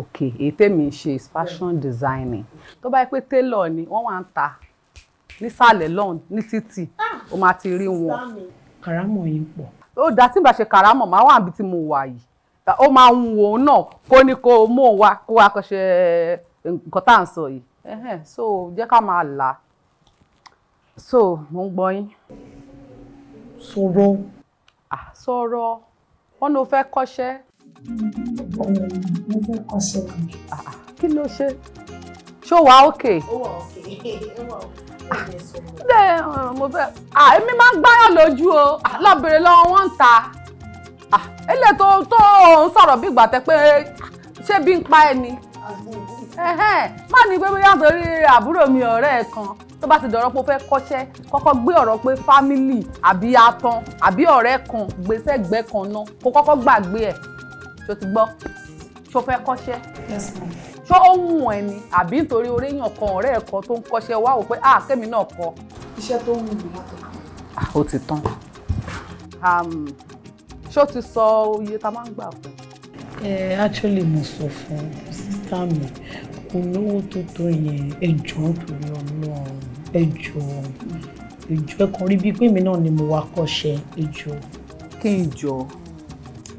Speaker 1: ok èyí tẹ̀mí ń ṣe is fashion yeah. designing tó bá yẹ pé tailor ni wọ́n wá ń ta nísàlẹ̀ lọ́hùn ní títì ah, ó máa ti rí wọn. kàrámọ̀ yìí pọ̀. ó dá tí n bá ṣe kàrámọ̀ máa wà níbi tí mo wà yìí ó máa ń wò ó náà kó ní kó mú òun wá kó wá kó ṣe eh, nǹkan tá à ń sọ yìí so jẹ́ ká máa là so mo ń gbọ́ yín sọ̀rọ̀. sọ̀rọ̀ wọn ló fẹ́ kọ́ṣẹ́. mo fẹ́ kọ́ṣẹ́. kí ló ṣe ṣó wà ókè. ó
Speaker 2: wà ókè ó wà ókè
Speaker 1: bẹ́ẹ̀ mo fẹ́ èmi máa ń gbáyàn lójú o lọ́bìnrin lọ́wọ́ wọn ń ta ilé tó tó ń sọ̀rọ̀ bí ìgbà tẹ́ pé ṣé bí ń pa ẹni má ní pé bóyá torí àbúrò mi ọ̀rẹ́ ẹ̀ kan tó bá ti dọ̀rọ̀ pé o fẹ́ kọ́ṣẹ́ kọ́kọ́ gbé ọ̀rọ̀ pé fámìlì àbí atan àbí ọ̀rẹ́ kan gbèsè gbẹ́ kan náà kó kọ́kọ́ gbàgbé ẹ̀ ṣó ti gbọ́ ṣó fẹ́ kọ́ṣẹ́ ṣó ó wù ẹ́ ni àbí nítorí orí èèyàn kan ọ̀rẹ́ ẹ̀ kan tó ń kọ́ṣẹ́ wá wò pé à kẹ́mi náà kọ. iṣẹ́ tó wù mí látọ̀. ó ti tán ṣó ti sọ iye tá a máa ń gbà fún. ẹ actually mo sọ fún sísá mi kò lówó tó tó yẹn ẹjọ́ torí Ọlọ́run ẹ jọ̀ọ́ ẹ jọ̀ọ́ ẹ kàn rí bíi pé èmi náà ni mo wá kọ́ṣẹ́ ẹ jọ̀ọ́. kí n jọ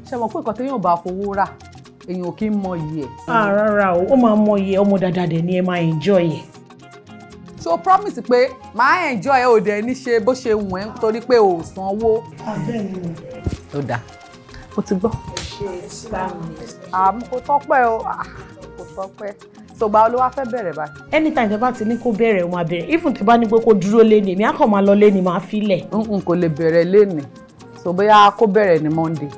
Speaker 1: ṣe mọ̀ pé nǹkan téèyàn bá fowó rà èèyàn ò kí ń mọyì ẹ̀. rárá o ó máa mọyì ẹ ọmọ dáadáa dẹ̀ ni ẹ máa enjoy ẹ. so promise pé máa enjoy ẹ ò dẹ̀ ní ṣe bó ṣe wù ẹ́ torí pé ò sanwó. abẹ́ẹ̀ni. Ah, ló dáa mo ti gbọ́. ẹ ṣe é sí àmì. kò tọ́pẹ́ o ah, kò tọ́pẹ́ sọgbà olówó fẹ́ bẹ̀rẹ̀ báyìí. anytime tẹ bá ti ní kó bẹ̀rẹ̀ wọn abẹ̀rẹ̀ even tẹ bá ní pé kó dúró léni èmi á kàn máa lọ léni máa filẹ̀. n kò lè bẹ̀rẹ̀ léni so bóyá kó bẹ̀rẹ̀ ní monday.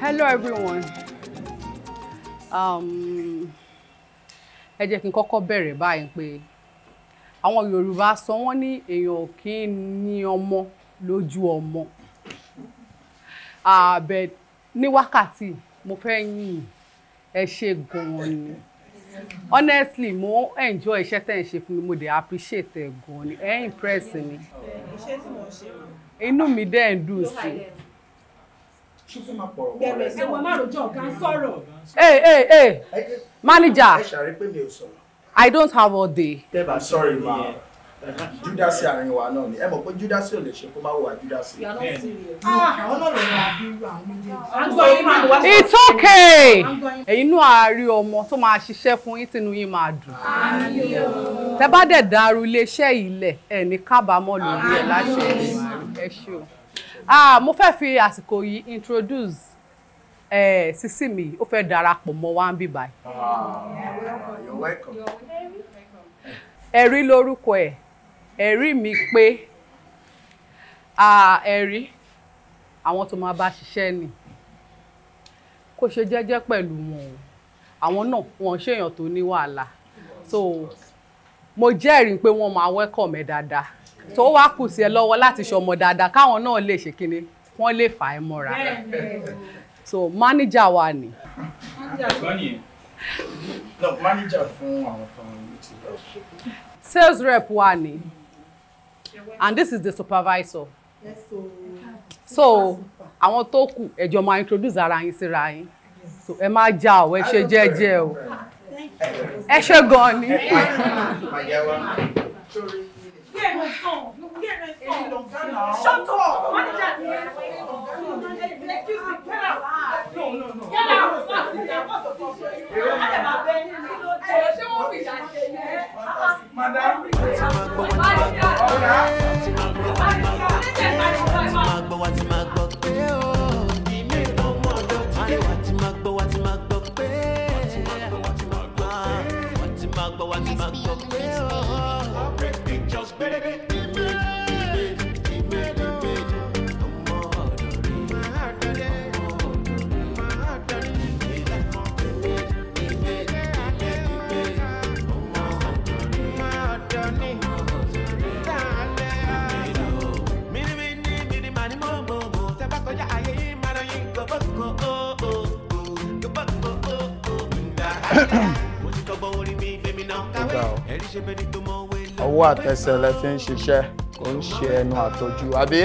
Speaker 2: hello everyone
Speaker 1: um, ẹ jẹ́ kí n kọ́kọ́ bẹ̀rẹ̀ báyìí pé àwọn yorùbá sọ wọ́n ní èèyàn kì í ní ọmọ lójú ọmọ àbẹ̀tẹ̀ ah, ní wákàtí mo fẹ́ yìn ẹ ṣe gan-an ni honestly mo enjoy iṣẹ́ tẹ̀ ń ṣe fún mi mo dey appreciate ẹ gan-an ni ẹ impress mi inú mi dẹ̀ ń dùn sí i bẹ̀rẹ̀ ẹ̀wọ̀n márùn-ún kan sọ̀rọ̀. ee ee ee manager. I don't have all day.
Speaker 4: tẹ́bà sọ̀rọ̀ ma júdásì àárín wa náà ni ẹ mọ̀ pé júdásì ò lè ṣe kó má wà júdásì.
Speaker 1: Ah, it's okay ẹ̀yin náà á rí ọmọ tó máa ṣiṣẹ́ fún yín tínú yín máa dùn. tẹ bá dẹ̀ dàrú iléeṣẹ́ yìí lẹ̀ ẹ̀ ní kábàámọ̀ lórí ẹ̀ láṣẹ ẹ ṣe o. ah mo fẹ́ fi àsìkò yìí introduce eh, sísí mi ó fẹ́ darapọ̀ mọ́ wa ń bí báyìí. Ah, ẹ̀rí lórúkọ ẹ̀ ẹ̀rí mi pé ẹ̀rí àwọn tó máa bá ṣiṣẹ́ ni kó ṣe jẹ́jẹ́ pẹ̀lú wọn àwọn náà wọn ṣèyàn tó ní wàhálà so mo jẹ́rìí pé wọ́n máa welcome ẹ dáadáa tó wá kù sí ẹ lọ́wọ́ láti ṣọmọ dáadáa káwọn náà lè ṣe kíni wọ́n lè fà ẹ́ mọ́ra so manager wa ni.
Speaker 4: manager fún àwọn
Speaker 1: sales rep wa ni and this is the supervisor. Yes, so, so àwọn tó kù ẹ máa introduce ara yín síra yín so ẹ má jà ọ ẹ ṣe jẹ́jẹ́ o ẹ ṣe gan ni. Shut up! Manager! Excuse me, get out! No, no, no. Get out!
Speaker 5: Madam, Let's be on the next page. Corporate pictures, baby.
Speaker 4: o ọwọ́ àtẹsẹ̀ lẹ fi ń ṣiṣẹ́ kò ń ṣe ẹnu àtọ́jú àbí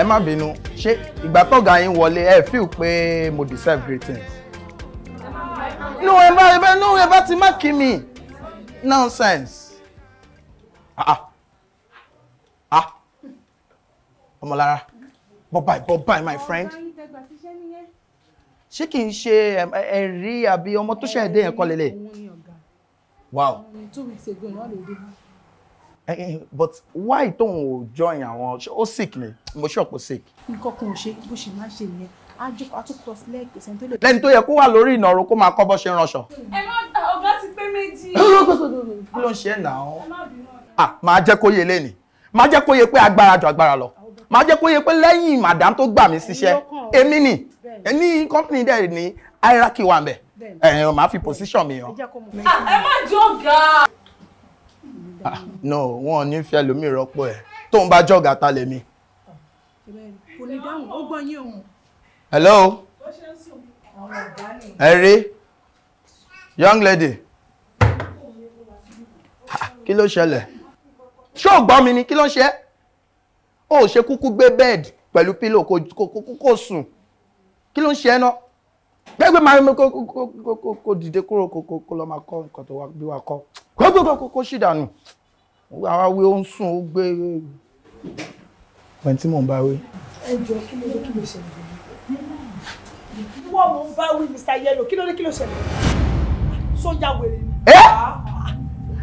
Speaker 4: ẹ má bínú ṣé ìgbà tọ́gà yín wọlé ẹ feel pé mo deserve greeting.
Speaker 2: inú ẹ bá ẹ bá inú ẹ
Speaker 4: bá ti má kí mi nonsense. ah ah, ah. ọmọlára bọ́ báyìí bọ́ báyìí my friend ṣé kì í ṣe ẹ̀rí àbí ọmọ tó ṣe ẹ̀dẹ́ yẹn kọ́ lélẹ̀ wow.
Speaker 1: two weeks ago iná they did.
Speaker 4: Eh, but why don't ò join àwọn ó sick ni mo ṣọ̀pọ̀ sick. nǹkan kan ò shake, bó ṣe máa shake. nìyẹn lẹ́ni tó yẹ kó wà lórí ìnàró kó máa kọ́ bọ́ ṣe ránṣọ.
Speaker 1: ẹ má ọgá ti pé méjì. kí
Speaker 4: ló ń ṣe nà án. ah máa jẹ́ kó yé lẹ́nì máa jẹ́ kó yé pé agbára ju agbára lọ máa jẹ́ kó yé pé lẹ́yìn màdám tó gbà mí síṣẹ́ èmi ni ní kọ́mpìnì dẹ̀ ní hierarchy wà ń bẹ̀ ẹ̀yìn eh, eh, màá fi position mi hàn.
Speaker 1: Ah, ẹ má jọ̀gá.
Speaker 4: Ah, no wọn ò ní fi ẹlòmíì rọ́pò ẹ̀ tó ń bá jọ̀gá ta lèmi. kò hello. ẹ young lady ah, kí ló ṣẹlẹ̀ ṣé ò gbọ́ mi ni kí ló ṣe é ó ṣe kúkú gbé bẹ́ẹ̀dì pẹ̀lú pílò kò sùn kí ló ń ṣe é náà gbẹ́gbẹ́ máa ń kó dìde kúrò kó lọ́ọ́ máa kọ́ nǹkan tó bí wàá kọ́ kó kó ṣìdànù àwa wí ó ń sùn ó gbé. pẹ̀ntì mò ń bá wí. ẹ
Speaker 1: jọ kí ló dé kí ló ṣẹlẹ̀ wọ́n mò ń bá wí Mr. Yellow kí ló dé kí ló ṣẹlẹ̀ sójà wèrè ni. ẹ ah, ah,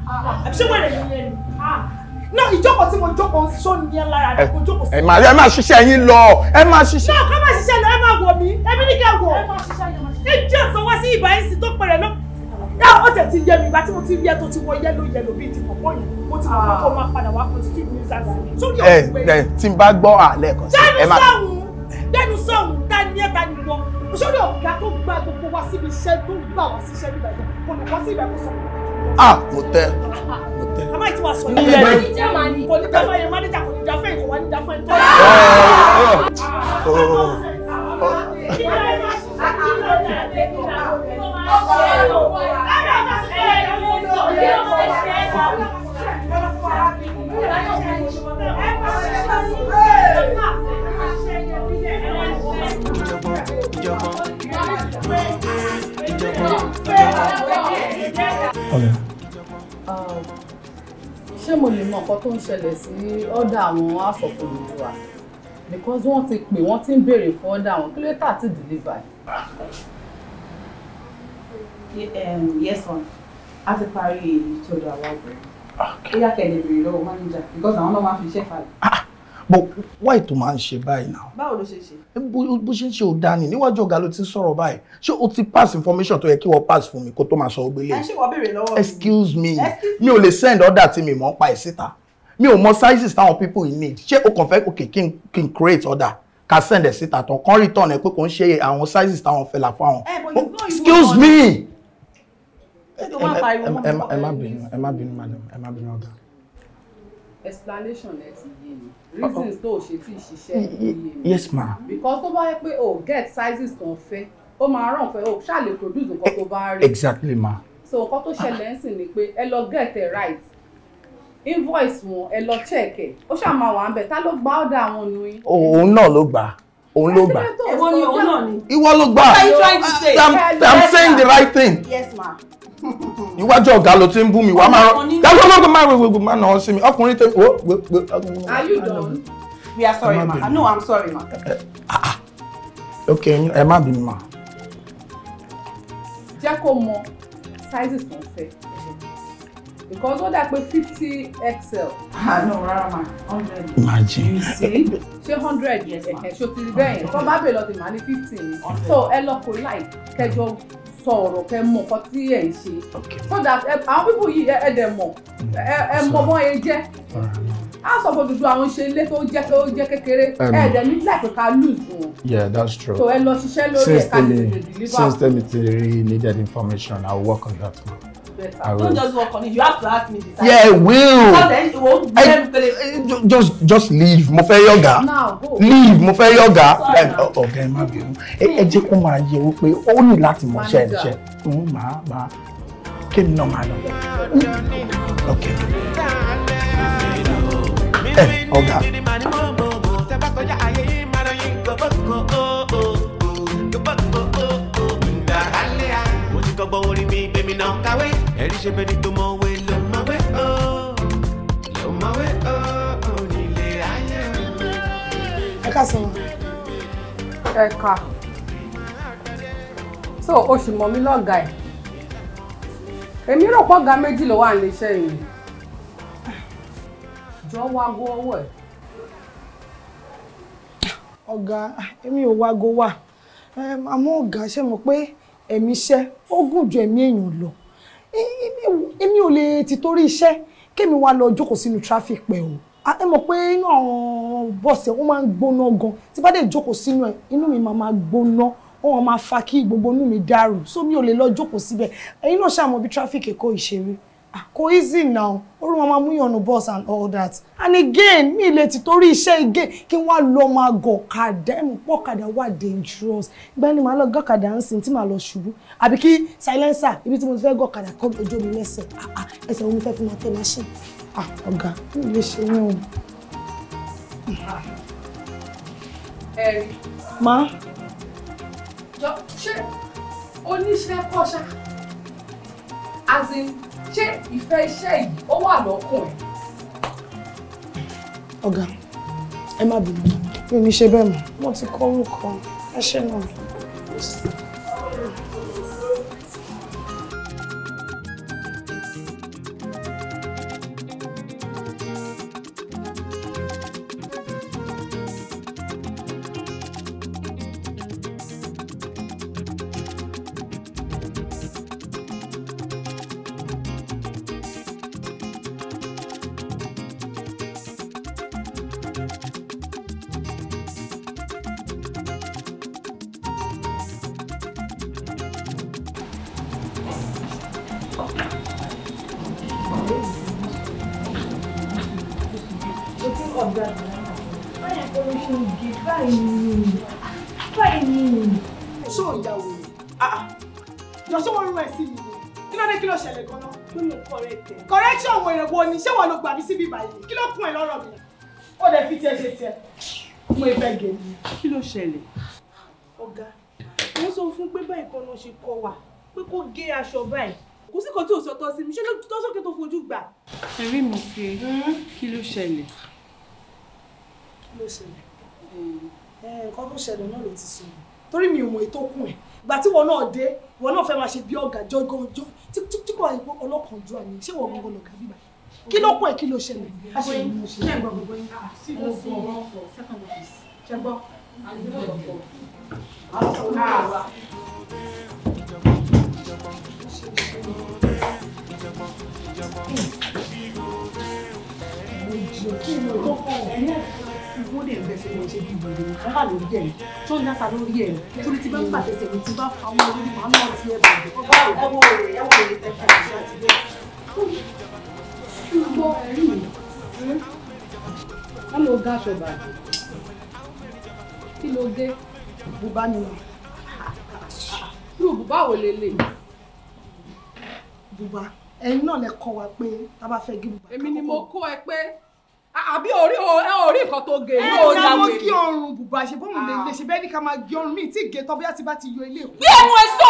Speaker 1: ah, àbí ṣé wèrè ni yẹn ni náà ìjókòó tí mo jókòó sọ ní ẹ lára rẹ kò
Speaker 4: eh, jókòó sí. ẹ máa ẹ máa ṣiṣẹ́ yín lọ
Speaker 1: ẹ máa ṣiṣẹ́. náà ká máa ṣiṣẹ́ lọ ẹ máa wọ̀ mí ẹbí ní kẹ́ wọ̀. ẹ jẹ́ ìsanwó sí ìbá yín sí tó pẹ̀rẹ̀ lọ. náà ó tẹ̀ ti yẹ mi ìgbà tí mo ti rí ẹ tó ti wọ yẹ́lò yẹ́lò bíi ti pọ̀pọ̀ yìí mo ti mọ̀ kó máa padà wá pé street music. sórí eh, ọ̀gbẹ́ ẹ
Speaker 4: eh, tí n bá gbọ́ àlẹ́ kan sí ẹ máa.
Speaker 1: dẹnu sọ̀hún dẹnu sọ̀hún
Speaker 4: ah mo tẹ́
Speaker 1: mo tẹ́. a máa ti wá sọ ní ilé rẹ kò ní dáfẹ́ yẹn mánéjà kò ní dáfẹ́ yẹn kò wá ní dáfẹ́ yẹn tó. ọ̀ọ́ ọ̀ọ́ mo lè mọ nǹkan tó ń ṣẹlẹ̀ sí ọ́dà àwọn afọ̀fọ̀lùwà because wọ́n ti pè wọ́n ti ń béèrè fún ọ́dà àwọn kí ló tà ti deliver. Um, yes ma'am a ti parí èyí tó dọ̀ àwọn obìnrin ah, ó yà kẹ́lẹ́ béèrè lọ́wọ́ manager because àwọn náà máa fi iṣẹ́ falẹ̀. Ah,
Speaker 4: but why to máa ń ṣe báyìí náà. báwo ló ṣe ṣe. bó ṣe ń ṣe ò dání níwájú ọ̀gá ló ti ń sọ̀rọ̀ báyìí ṣé o ti pass information tó yẹ kí wọ́n pass fún mi kó tó máa sọ ọgbẹ́ lé. ẹ ṣe wọ́n béèrè lọ́wọ́ mi. excuse me mi ò lè send order tí mi mọ̀ ń pa ẹ̀ síta mi ò mọ sizes táwọn people in need ṣé o kàn fẹ́ okay kí n kí n create order ká send ẹ̀ síta tán kán return ẹ pé kò ń ṣe àwọn sizes táwọn fẹ́ là fáwọn. excuse me.
Speaker 2: ẹ
Speaker 1: má
Speaker 4: bínú ẹ má bínú madam ẹ má bínú ọ̀gá
Speaker 1: explanation ẹ ti yé mi reasons tó o ṣe tí ì ṣiṣẹ́ yé mi yes ma because tó bá yẹ pé o get sizes tó ń fẹ́ ó máa ràn fẹ́ o ṣáà produce nǹkan tó bá rí
Speaker 4: exactly ma
Speaker 1: so nǹkan tó ṣẹlẹ̀ ń sìn ni pé ẹ lọ get it right invoice wọn ẹ lọ check ẹ ó ṣáà máa wà ń bẹ ta ló gba ọdà àwọn
Speaker 4: nu yín. òun náà ló gbà òun ló gbà. ìwọ ni òun náà ni. ìwọ ló gbà. what are you trying to say. i'm i'm saying the right thing. yes ma iwájú ọ̀gá ló ti ń bú mi wá máa rán dájú ọlọ́gbọ̀n máa wẹ̀ wẹ̀gbọ̀n máa nà ọ́ sí mi ọkùnrin tẹ wo wo wo. are you done? we
Speaker 1: are sorry ma no i'm sorry ma. Eh, ah, ah.
Speaker 4: ok ẹ má bínú ma.
Speaker 1: jẹ́ kó mọ sizes tó ń fẹ́ because what dà pé fifty xl. Ah, no, rárá ma hundred.
Speaker 6: máa you see
Speaker 1: ṣé hundred yẹn ẹ̀kẹ́ ṣó ti rí bẹ́ẹ̀ yẹn tó bá bèèrè lọ́dún màá ní fifteen so ẹ lọ kó láì kẹjọ sorrow, ọ̀rọ̀ kẹ mọ nǹkan tí ẹ̀ so that our people here, ẹ̀ dẹ̀ mọ̀ ẹ̀ mọ̀ mọ́ ẹ a sọ fún dúdú àwọn ṣe ilé tó jẹ́ tó jẹ́ kékeré um,
Speaker 4: yeah that's true. so ẹ
Speaker 1: lọ ṣiṣẹ́ lórí ẹ̀ka ti lè since temi
Speaker 4: ti rí needed information I'll work on that one
Speaker 1: better. I will. Don't just walk on it. You have to ask me this. Yeah, I will. Because then it won't be
Speaker 4: I, just, just leave. Mo fẹ́ yọ̀gá. Now go. Leave. Mo fẹ́ yọ̀gá. Oh, ẹ má bínú. Ẹ jẹ́ kó oh yẹ wọ́n pé ó ní láti mọ̀ ṣẹ́ ṣẹ́. Màá máa kémi náà máa lọ. Ok. Ẹ ọ̀gá.
Speaker 5: gbogbo orí mi gbèmí náà kàwé. ẹ̀rí ṣe bẹ́ẹ̀ tó mọ̀ wé ló mọ̀ wé o ló mọ̀ ayé o. ẹ Eka sọ
Speaker 1: Eka so oṣù mọ̀ mí lọ́gàá ẹ̀ èmi rò ga méjì ló wà nílé iṣẹ́ yìí jọ wago ọga emi o èmi wa wago wà àmọ́ ọ̀gá ṣe mọ̀ pé ju èmi ò lè ti torí iṣẹ́ kémi wá lọ jókòó sínú traffic pẹ̀ o ẹ mọ̀ pé inú àwọn bọ́ọ̀sì ó máa ń gbóná gan tí bá dé jókòó sínú ẹ̀ inú mi máa máa gbóná wọn máa fa kí gbogbo inú mi dàrú so mi ò lè lọ jókòó síbẹ̀ ẹ̀yin ṣàmọ̀ bí traffic Èkó ìṣeré kò easy now orí wọn máa mú yànnú bus and all that and again mi lè ti torí iṣẹ́ again kí wọ́n lọ máa gọ̀kadà ẹ̀mú pọ̀kadà wà dangerous ìgbà ni màá lọ Go ń sìn tí màá lọ ṣubú àbí kí silencer ibi tí mo ti fẹ́ gọ̀kadà kọ́ ojú mi lẹ́sẹ̀ ah, ah, ẹsẹ̀ omi fẹ́ fi máa tẹ machine ah, ọ̀gá mi lè ṣe ní o. ma. jọ ṣé oníṣẹ́ kọ́ṣá as in ṣé ìfẹ́ iṣẹ́ yìí ó wà lọ́kàn ẹ̀. ọ̀gá ẹ má bínú mi ò ní ṣe bẹ́ẹ̀ mọ́ mo ti kọ́ orúkọ ẹṣẹ́ náà. sí mi ni kí ló dé kí ló ṣẹlẹ̀ gan-an. ó lè correct ẹ. correction wo èrè wo ni ṣé wọn ló gbà mí síbi báyìí kí ló kún ẹ lọ́rọ̀ mi. ó dẹ̀ fi tiẹ̀ ṣe tiẹ̀ mo ìfẹ́ gẹ̀ ni. kí ló ṣẹlẹ̀. ọ̀gá wọ́n sọ fún pé báyìí kan náà ṣe kọ́ wa pé kó gé aṣọ báyìí kò sí kan tí ò sọ tọ́ sí mi ṣé ló tọ́ sókè tó fojú gbà. ẹ̀rí mi pé hmm? kí ló ṣẹlẹ̀. kí ló ṣẹlẹ̀ nǹkan tó ṣẹlẹ̀ náà ló ti sọ torí mi ò mọ ètò kùn ẹ̀ gbà tí wọn náà dé wọn náà fẹ́ máa ṣe bí ọ̀gá jọgọjọ tí kò wáyé ọlọ́kan ojú àmì ṣé wọn gbogbo lọ̀gá bíbá kí ló pọ̀ kí ló ṣẹlẹ̀. Thank you wọ́n dẹ̀ ń bẹ́ sẹ́yìn ṣe bí wèrè nǹkan wà lórí ẹ̀ tó ń dáta lórí ẹ̀ torí ti bá ń pàtẹ sẹ́yìn ti bá fa mọ́ lórí màá náà ti ẹ̀ bàjẹ́. ọba ẹwọ rẹ ẹwọ rẹ tẹ ká ìṣe àti bẹ́ẹ̀. ṣùgbọ́n ẹ̀rí mi wọ́n lọ gá aṣọ bàjẹ́ kí ló dé bùbá ni wọ́n. irú bùbá wo lè lè. bùbá ẹ̀yin náà lè kọ́ wa pé tá a bá fẹ́ gé bùbá. èmi ni mo kọ́ ẹ pé àbí orí orí nǹkan tó gé ní orí àwọn èèyàn. ẹ lọ́wọ́ gé ọrùn bùbá ṣe bọ́ọ̀mù ah. lè ṣe bẹ́ẹ̀ ní ká máa gé ọrùn mi tí ì gé tọ́ bí a ti bá ti yọ ilé bí ẹnu ẹ sọ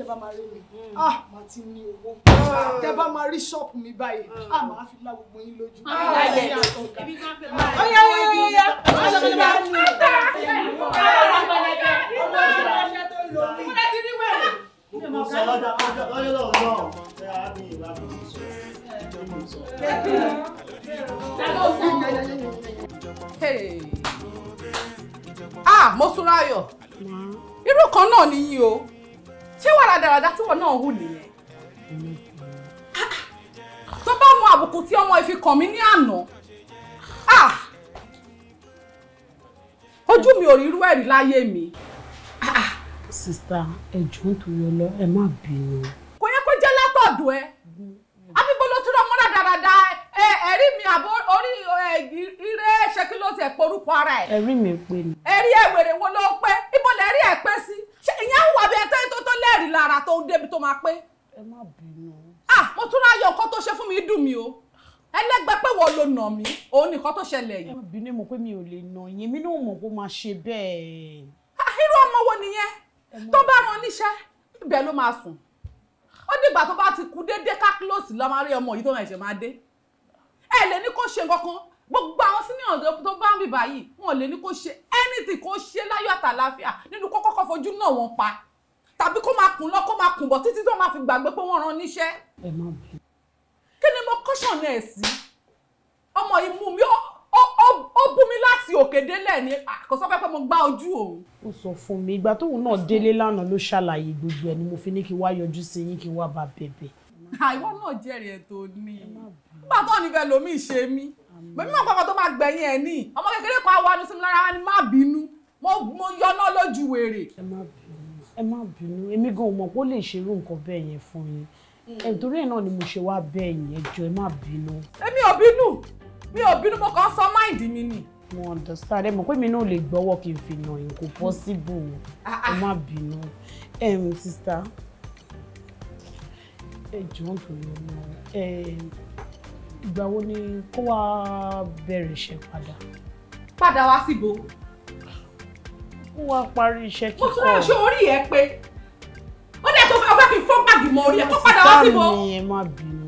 Speaker 1: tẹ́ bá máa rí mi hmm. ah màá ti ní owó ah. tẹ́ bá máa rí ṣọ́ọ̀pù mi báyìí hmm. ah màá fi lá gbogbo yín lójú. ọ̀yá ọ̀yá ọ̀yá Hey. Ah, Mọ́súnráyọ̀. Irú kan náà nìyí o ṣé wàrà dáradára tí wọn náà hù nìyẹn tó bá mọ àbùkù tí ọmọ ìfi kàn mí ní àná ah! ojú mi ò rí irú ẹ̀rí láyé mi. Ah! sista ẹjọ nítorí ọlọ ẹ má bínú. kò yẹ kó jẹ́ látọ̀dọ̀ ẹ abíbo ló tún lọ mọ́ra dáradára ẹ ẹ̀rí mi àbọ̀ orí ire ṣe kí ló ti ẹ̀ porúkọ ara ẹ̀. ẹ̀rí mi pé ni. ẹ̀rí ẹ̀wèrè wo ló pẹ́ ibo lẹ́rí ẹ̀ pẹ́ sí ṣé ìyẹn wà bí ẹtẹ́ tó tó lẹ́rìí lára tó débi tó máa pé. ẹ má bínú. ah mo tún ráyọ nǹkan tó ṣe fún mi dùn mí o ẹlẹ́gbẹ́ pé wọ́n ló nà mí òun nìkan tó ṣẹlẹ̀ yìí. ẹ má bínú mo pé mi ò lè nà yín mi náà mọ̀ kó máa ṣe bẹ́ẹ̀. Ah, irú ọmọ wo nìyẹn tó bá rán níṣẹ́ ibẹ̀ ló máa sùn ó dìgbà tó bá ti kú déédéé ká close lọ́mọ arí ọmọ yìí tó máa ṣe máa dé ẹ lè ní kó ṣe nǹkan gbogbo àwọn senior ọ̀dọ́ tó bá ń bì báyìí wọn ò lè ní kó ṣe anything kó ṣe láyọ̀ àtàlàáfíà nínú kó kọ́kọ́ fojú náà wọn pa tàbí kó máa kùn lọ kó máa kùn bọ̀ títí tó máa fi gbàgbé pé wọ́n rán níṣẹ́. kí ni mo kọ́ṣọ̀nù ẹ̀ sí ọmọ yìí mú mi ó bú mi láti òkè délẹ̀ ni kò sọ pé mo gbá ojú òun. ó sọ fún mi ìgbà tóun náà délé lánàá ló ṣàlàyé gbogbo ẹ ni mo fi ní kí wá yọjú sí yín kí wá bá bẹ̀bẹ̀. àìwọ náà jẹ́rìí ẹ̀ tó ní nígbà tó ní fẹ́ lomi ṣe mí bẹ́ẹ̀ mímọ̀ kankan tó máa gbẹ̀yìn ẹ̀ ní ọmọ kékeré kan wọnú sí mi lára wa ni má bínú mo yọná lójú wèrè. ẹ má bínú ẹ má bínú èmi gan mọ̀ pé ó lè ṣerú nǹkan bẹ́ẹ̀ yẹn fún yín nítorí mm. ẹ̀ náà ni mo ṣe wá bẹ́ẹ̀ yẹn ẹ jọ̀ọ́ ẹ má bínú. èmi ò bínú mi ò bínú mo kàn sọ máìndì mi ni mo understand ẹ mọ̀ pé mi náà lè gbọ́wọ́ kí n fi nà yín kò possible ah, ah. ẹ má bínú sista ẹ jọ̀ọ́ nítorí ọmọ ìgbà wo ni kó wá bẹ̀rẹ̀ iṣẹ́ padà. padà wá síbo. kó wá parí iṣẹ́ kíkọ́. mo tún rẹ̀ ṣe orí ẹ pé ó dẹ̀ tó fẹ́ kí n fọ́ bàgì mọ́ orí ẹ kó padà wá síbo. sísá mi ẹ má bínú.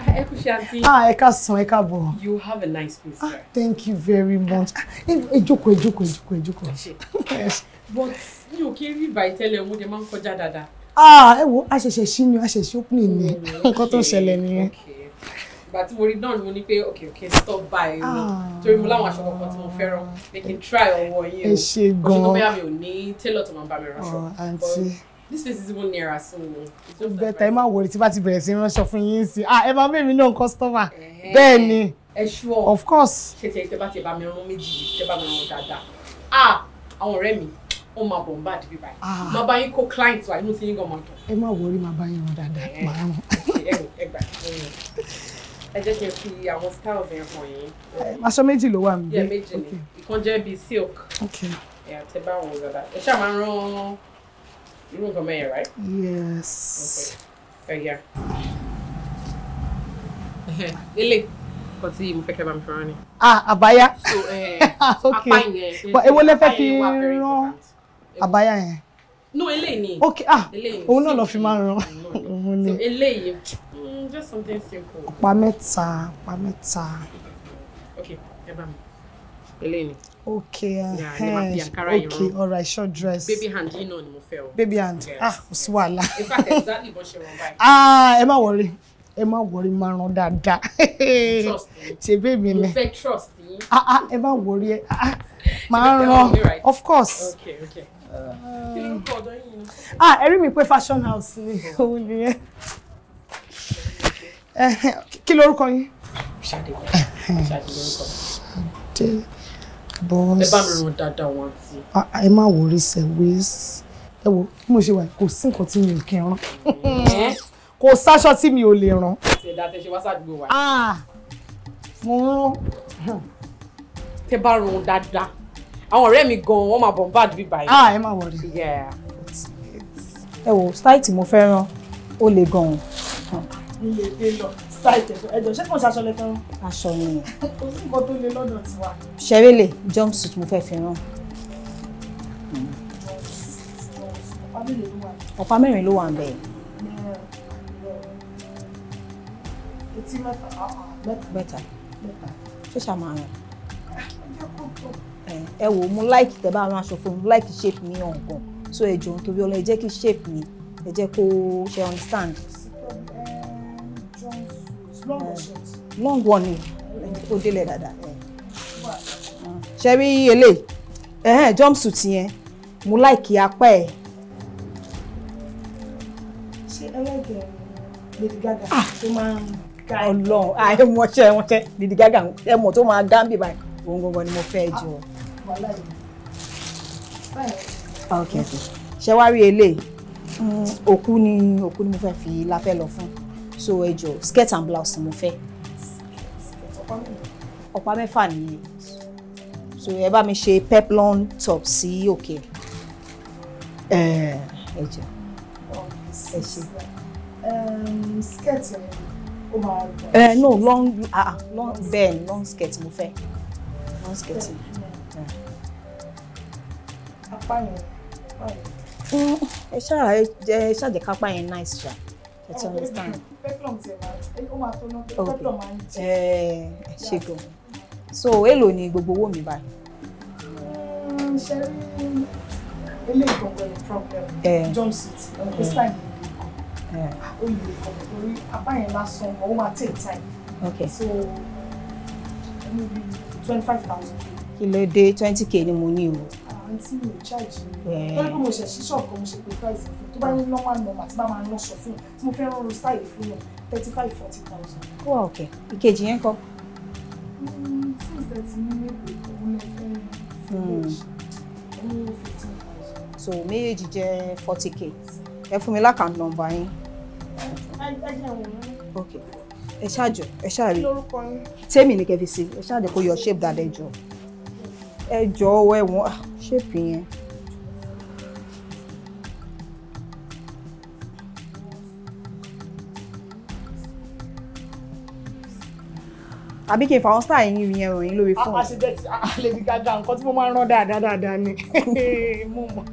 Speaker 1: Ah, ẹ kú ṣe àǹtí. ah ẹ ká san ẹ ká bọ̀. you have a nice place there. ah thank you very much. Ah, ẹ jókòó ẹ jókòó ẹ jókòó ẹ jókòó. but mi ò kí ń rí ìbàyí tẹ́lẹ̀ mo jẹ máa ń kọjá dáadáa. Ah, ẹ wo a ṣẹ̀ṣẹ̀ ṣí ni a ṣẹ̀ṣẹ̀ opening ni nǹkan tó ṣẹlẹ̀ nìyẹn. ìgbà tí mo rí náà mo ní pé ok ok stop by o ah. torí mo láwọn aṣọ kankan tí mo fẹ́ràn they can try ọwọ́ yín o ṣe gan-an ọṣùgbọ́n bóyá mi ò ní tailor tó máa bá mi ránṣọ oh, this place is even nearer so it's just better ẹ má worry tí bá ti bẹ̀rẹ̀ sí ránṣọ fún yín sí ah ẹ máa mẹ́rin náà customer bẹ́ẹ̀ ni ẹ sure of course ṣe tẹ̀ ìtẹ́ bá ti bá mi rán méjì tẹ́ bá mi rán dáadáa ah àwọn ọ̀rẹ́ mi ó máa bọ̀ ń bá àdìbí báyìí ah. máa bá yín kó client wa inú tí yín gan máa tọ̀. ẹ má wọrí máa bá yín wọn dáadáa máa wọn. ẹ gbà ẹ jẹ́ kí n fi àwọn styles yẹn hàn yín. aṣọ méjì ló wà mí. yẹ méjì ni ìkan jẹ́ bíi silk. ẹ àti bá wọn dada ẹ ṣáà máa rán irú nǹkan mẹ́yẹn right. yes. ẹ yà lélẹ̀ kan tí mo fẹ́ kẹ́ bá mi fẹ́ràn ni. ah àbáyá. so apá yẹn. ewo lẹ fẹ́ fi rán àbáyá yẹn. no eléyìí ni. ok ah òun náà lọ fi máa ràn òun ni. eléyìí mm, just something simple. ọ̀pá mẹ́ta ọ̀pá mẹ́ta. ok ẹ bá mi eléyìí ni. ok ẹhẹn uh, ok alright short dress. baby hand yìí náà ni mo fẹ́ o. baby hand ah kò sí wàhálà. in fact exactly bó ṣe wọn báyìí. ah ẹ má wọrí ẹ má wọrí máa ràn dáadáa ṣe bébì mi ah, ah, ẹ má wọrí ah, ẹ máa ràn of course. Okay, okay ah ẹ̀rí mi pé fashion house ni òun nìyẹn kí lorúkọ yín. ṣáde ṣáde lorúkọ mi. bọ́ọ̀sì ẹ bá mi rún dáadáa wọn sí. Ah, ẹ má wọrí sẹ wíìsì ẹ wo bí mo ṣe wà kò sí nǹkan tí mi ò kí kò sáṣọ tí mi ò lè rán. ṣèdá tẹ ṣe wá sàdúgbò wa. Ah, mo ń rán. tẹ bá rún dáadáa àwọn ọ̀rẹ́ mi gan wọ́n máa bombard bí báyìí. ah ẹ má wọrí. ẹ wo style tí mo fẹ́ràn ó le gan-an. mi lè dé lọ style tẹ̀fẹ́ ẹ̀jọ̀ ṣé kò ṣe aṣọ lẹ fẹ́ràn. aṣọ mi ni. kò sí nǹkan tó le lọ́dọ̀ tiwa. ṣẹ́rẹ́lẹ̀ jumpsuit mo fẹ́ fi rán. ọ̀pá mẹ́rin ló wà ń bẹ̀. etí ah, ah, mẹ́ta. mẹ́ta. ṣé ṣàmà rẹ̀. Eh, ẹ wò mo like tẹ bá rán aṣọ fún like shape mi hàn gan so ẹ jọ̀ọ́ nítorí ọlọ́ ẹ jẹ́ kí shape mi ẹ jẹ́ kó ṣe understand. Eh, long one ni kó délẹ̀ dáadáa. ṣe rí eléyìí ẹ̀hẹ́n jumpsuit yẹn mo like apá ẹ̀. ṣé ẹlẹ́gẹ̀ẹ́ eh, lady gaga ah! tó gaga ẹ̀mọ̀ tó máa dá ń bì ni mo fẹ́ jù
Speaker 2: ok
Speaker 1: ok ṣe wá rí eléyìí mm, òkú ni òkú ni mo fẹ́ fi láfẹ́ lọ fún so ẹ jọ skirt and blouse mo fẹ́ ọ̀pá mẹ́fà nìyẹn so ẹ bá mi ṣe peplon top sí òkè ẹ jọ ẹ ṣe. Um, skirt ó máa. Eh, no long ah, ah long bẹ́ẹ̀ long skirt mo fẹ́ long skirt. Okay apá
Speaker 2: yẹn
Speaker 1: ẹ ṣáà ẹ ṣáà jẹ́ kápá yẹn nice ṣá
Speaker 6: ẹ ti understand. Oh,
Speaker 1: peplum ti ẹ máa tó ná peplum máa ń jẹ. ẹ ṣe gan so èlò ni gbogbo owó mi báyìí. Mm, ṣe ilé ìgbọ̀ngàn ní problem jump seat this time ah, ó yẹ kọ̀ torí apá yẹn lásán ó máa take time. okay so twenty five thousand. kí ló dé twenty k ni mo ní o àǹtí mi ò ṣáàjì mi lórí bí mo ṣe ṣí ṣọ̀kan mo ṣe pé price fún tó bá ní normal normal tí bá máa ná ṣọ fún tí mo fẹ́ rán ro style fún yàn thirty five forty thousand. ó wà òkè ìkejì yẹn kọ. Hmm, since thirty ní mẹ́pẹ̀ òun lè fẹ́ ẹ̀yìn hmm. fifteen thousand. so méjèèjì jẹ́ forty k ẹ fún mi lákàá nọ́mbà yín. ẹ jẹ́ àwọn ọ̀rẹ́. ok ẹ ṣáàjọ ẹ ṣáàrí tèmi ní kẹfì sí ẹ ṣáàjọ kó yọ shape dáadáa ẹ jọ ẹ jọ ẹwọn ah, ṣèpì yẹn. àbí kí n fà wọn sáà yín yẹn ròyìn lórí fóònù. àṣìjẹ ti àlè gàgà nǹkan tí mo máa ń da dáadáa dáadáa ni mo mọ̀.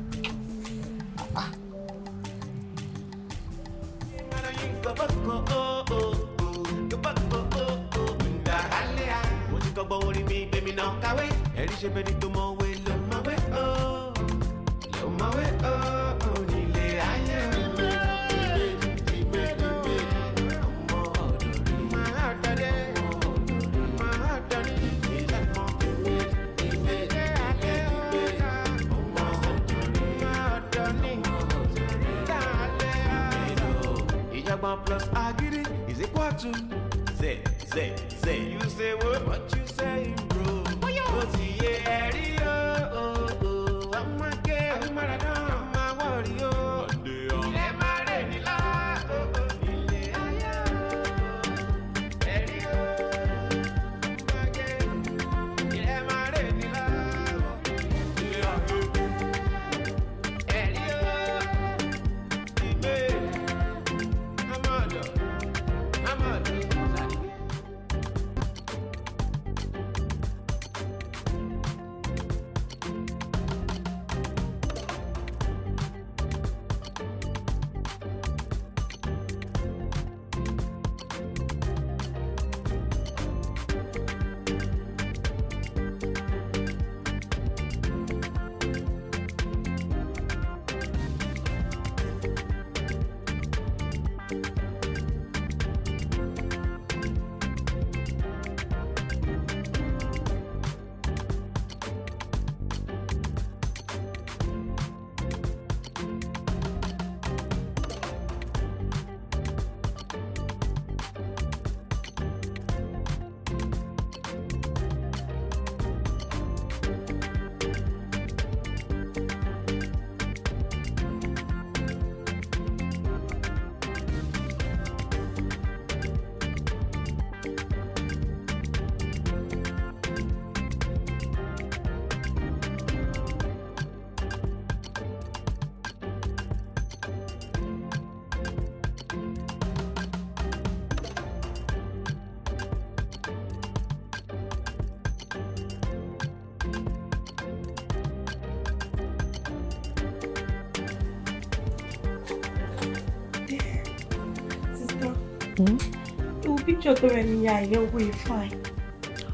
Speaker 1: jọ tó rẹ mi ya ìyẹn owó ifáìn.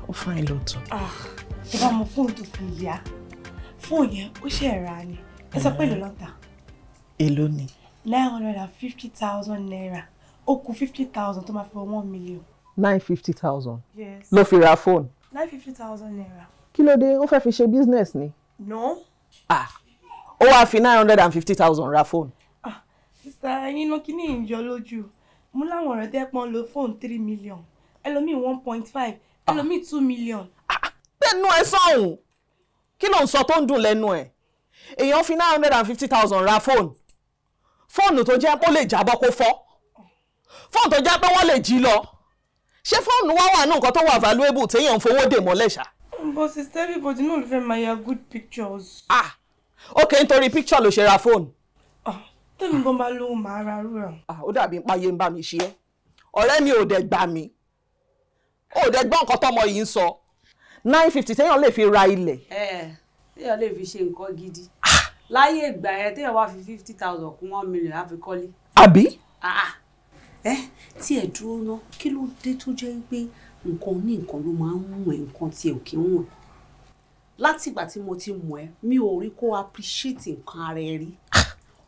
Speaker 1: ó fáìn lóòótọ́. Ah, ẹ bá mọ fóònù tó fi yá fóònù yẹn ó ṣe ẹ̀rà ni
Speaker 6: ẹ sọ pé èlò lọ́tà.
Speaker 1: èlò ni. nine hundred and fifty thousand naira ó kù fifty thousand tó máa fi wọ one million. nine fifty thousand. yes. ló fi ra fóònù. nine fifty thousand naira. kí ló dé ó fẹ́ fi ṣe business ni. no. ah ó wáá fi nine hundred and fifty thousand ra fóònù. ah sista yín ló kí ní ìjọ lójú mo láwọn ọ̀rẹ́ tẹ́ pọ́n lo fóònù three million ẹlòmíì one point five ah. ẹlòmíì two million. Ah, ah, tẹnu ẹ sọhùn kí ló ń sọ tó ń dùn lẹ́nu ẹ èèyàn fi nine hundred and fifty thousand ra fóònù fóònù tó jẹ́ pé ó lè jábọ́ kó fọ́ fóònù tó jẹ́ pé wọ́n lè jí lọ ṣé fóònù wá wà ní nǹkan tó wà valuable téèyàn ń fowó dè mọ́lẹ̀ ṣá. but sister everybody náà ló fẹ́ good pictures. ah ok nítorí picture ló ṣe ra fóònù tẹ́mi gan bá lóhùn máa ra rú ẹ̀. Ah, ó dàbí páyé ń bá mi ṣe é ọ̀rẹ́ mi ò dẹ̀ gbà mí ò dẹ̀ gbọ́ nǹkan tọmọ yìí ń sọ nine fifty téèyàn lè fi ra ilẹ̀. ẹ téèyàn lè fi ṣe nǹkan gidi láyé ìgbà yẹn téèyàn wá fi fifty thousand kún one million á fi kọ́lé. àbí. Ah, ah. ẹ tí ẹ dúró ná kí ló dé tó jẹ́ pé nǹkan ní nǹkan ló máa ń wọ̀n nǹkan tí ò kí ń wọ̀n látìgbà tí mo ti mọ̀ ẹ́ mi ò rí kó appreciate nǹkan ara ẹ rí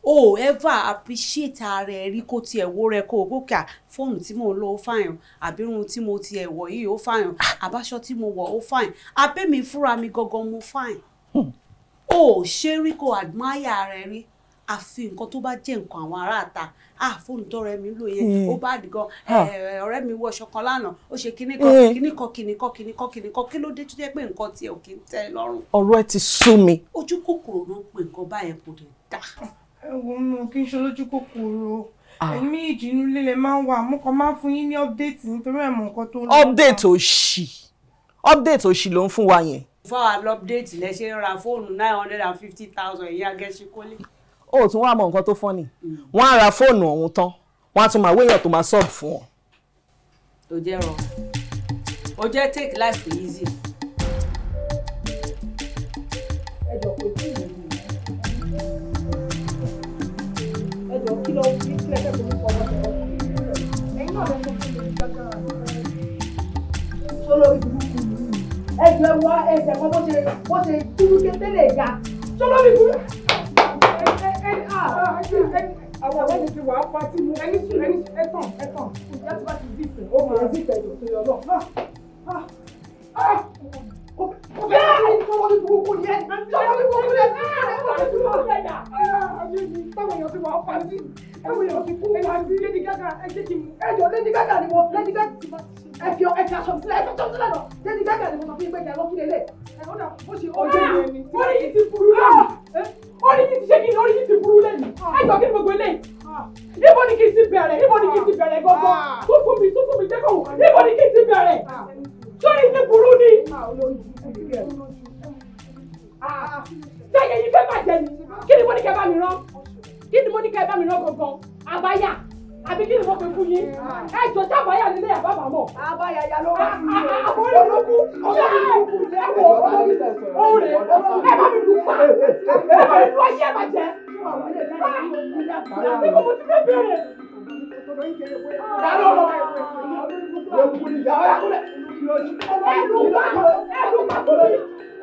Speaker 1: o ever appreciate ara ẹ rí kó tiẹ̀ wó rẹ kó o gòkè fóònù tí mo lò ó fàyàn àbírun tí mo tiẹ̀ wọ̀ yìí ó fàyàn àbáṣọ tí mo wọ̀ ó fàyàn abẹ́mi fúnra mi gangan mo fàyàn hmm. o ṣé rí kó admire ara ẹ rí àfi nǹkan tó bá jẹ́ nǹkan àwọn aráàta àfóònù tó rẹ mi lò yẹn hmm. ó bá dì gan ọ̀rẹ́ mi wọṣọ kan lánàá ó ṣe kíní kan hmm. kíní kan kíní kan kíní kan kíní kan kí ló dé tó jẹ́ pé nǹkan tiẹ̀ ò kí ń tẹ́ lọ́rùn. ọ̀rọ̀ ẹ ti sú mi. ojú kòkòrò ló ń pe nǹkan báyẹn kò dé dá ẹ wo mi ò kí n ṣe
Speaker 2: lójú kòkòrò
Speaker 1: ah. ẹ̀yin méjì inú ilé lè máa ń wà mo kàn máa ń fún yín ní update nítorí ẹ̀ mọ̀ nǹkan tó ń lọ. update òṣì update òṣì ló ń fún wa yẹn. fáwọn update lẹ ṣe ń ra fóònù nine hundred and fifty thousand ìyá gẹ̀ẹ́sì kọ́lé. ó tún wá mọ nǹkan tó fọ́ ni wọ́n á ra fóònù ọ̀hún tán wọ́n á tún máa wéyàn
Speaker 4: tó máa sub fún wọn.
Speaker 1: tó jẹ́ rọ o jẹ́ take life easy kí ló fi sílẹ̀ fẹ́ forúkọ ọmọ ẹ̀yìn náà lọ́kọ́ fún mi gbàgbà sólórí burúkú ẹ̀jẹ̀ wá ẹ̀jẹ̀ kan bó ṣe bó ṣe dúró kéńtẹ́lẹ̀ ya sólórí burúkú. àwọn ọ̀rẹ́ mi ti wà á pa tí mo ẹni sùn ẹni ẹ̀tàn ẹ̀tàn ìjọba ti dìtẹ̀ ó máa dìtẹ̀ jù sí ọlọ́ọ̀ bẹ̀rẹ̀ níbo ni kí n ti bẹ̀rẹ̀ gbọ́gbọ́ ah. tó fún mi tó fún mi jẹ́kọ̀ọ́ níbo ni kí n ti bẹ̀rẹ̀. Ah sórí ti burú ni. sẹ́yìn yìí fẹ́ bàjẹ́ ni kí ni mo ní kẹ́ bá mi rán kí ni mo ní kẹ́ bá mi rán gangan àbáyà àbí kí ni mo fi fún yín ẹ jọ tí àbáyà nílé yàrá bàbá mọ. àbáyà ya ló wá sí i. àwọn olókù ọjọ́ mi lù kù lẹ́ wọ òun rè é bá mi lù pa ẹ
Speaker 2: bá mi lù ayé ẹ bàjẹ́. bí mo ti fẹ́ bẹ̀rẹ̀ tọ̀dọ̀ yìí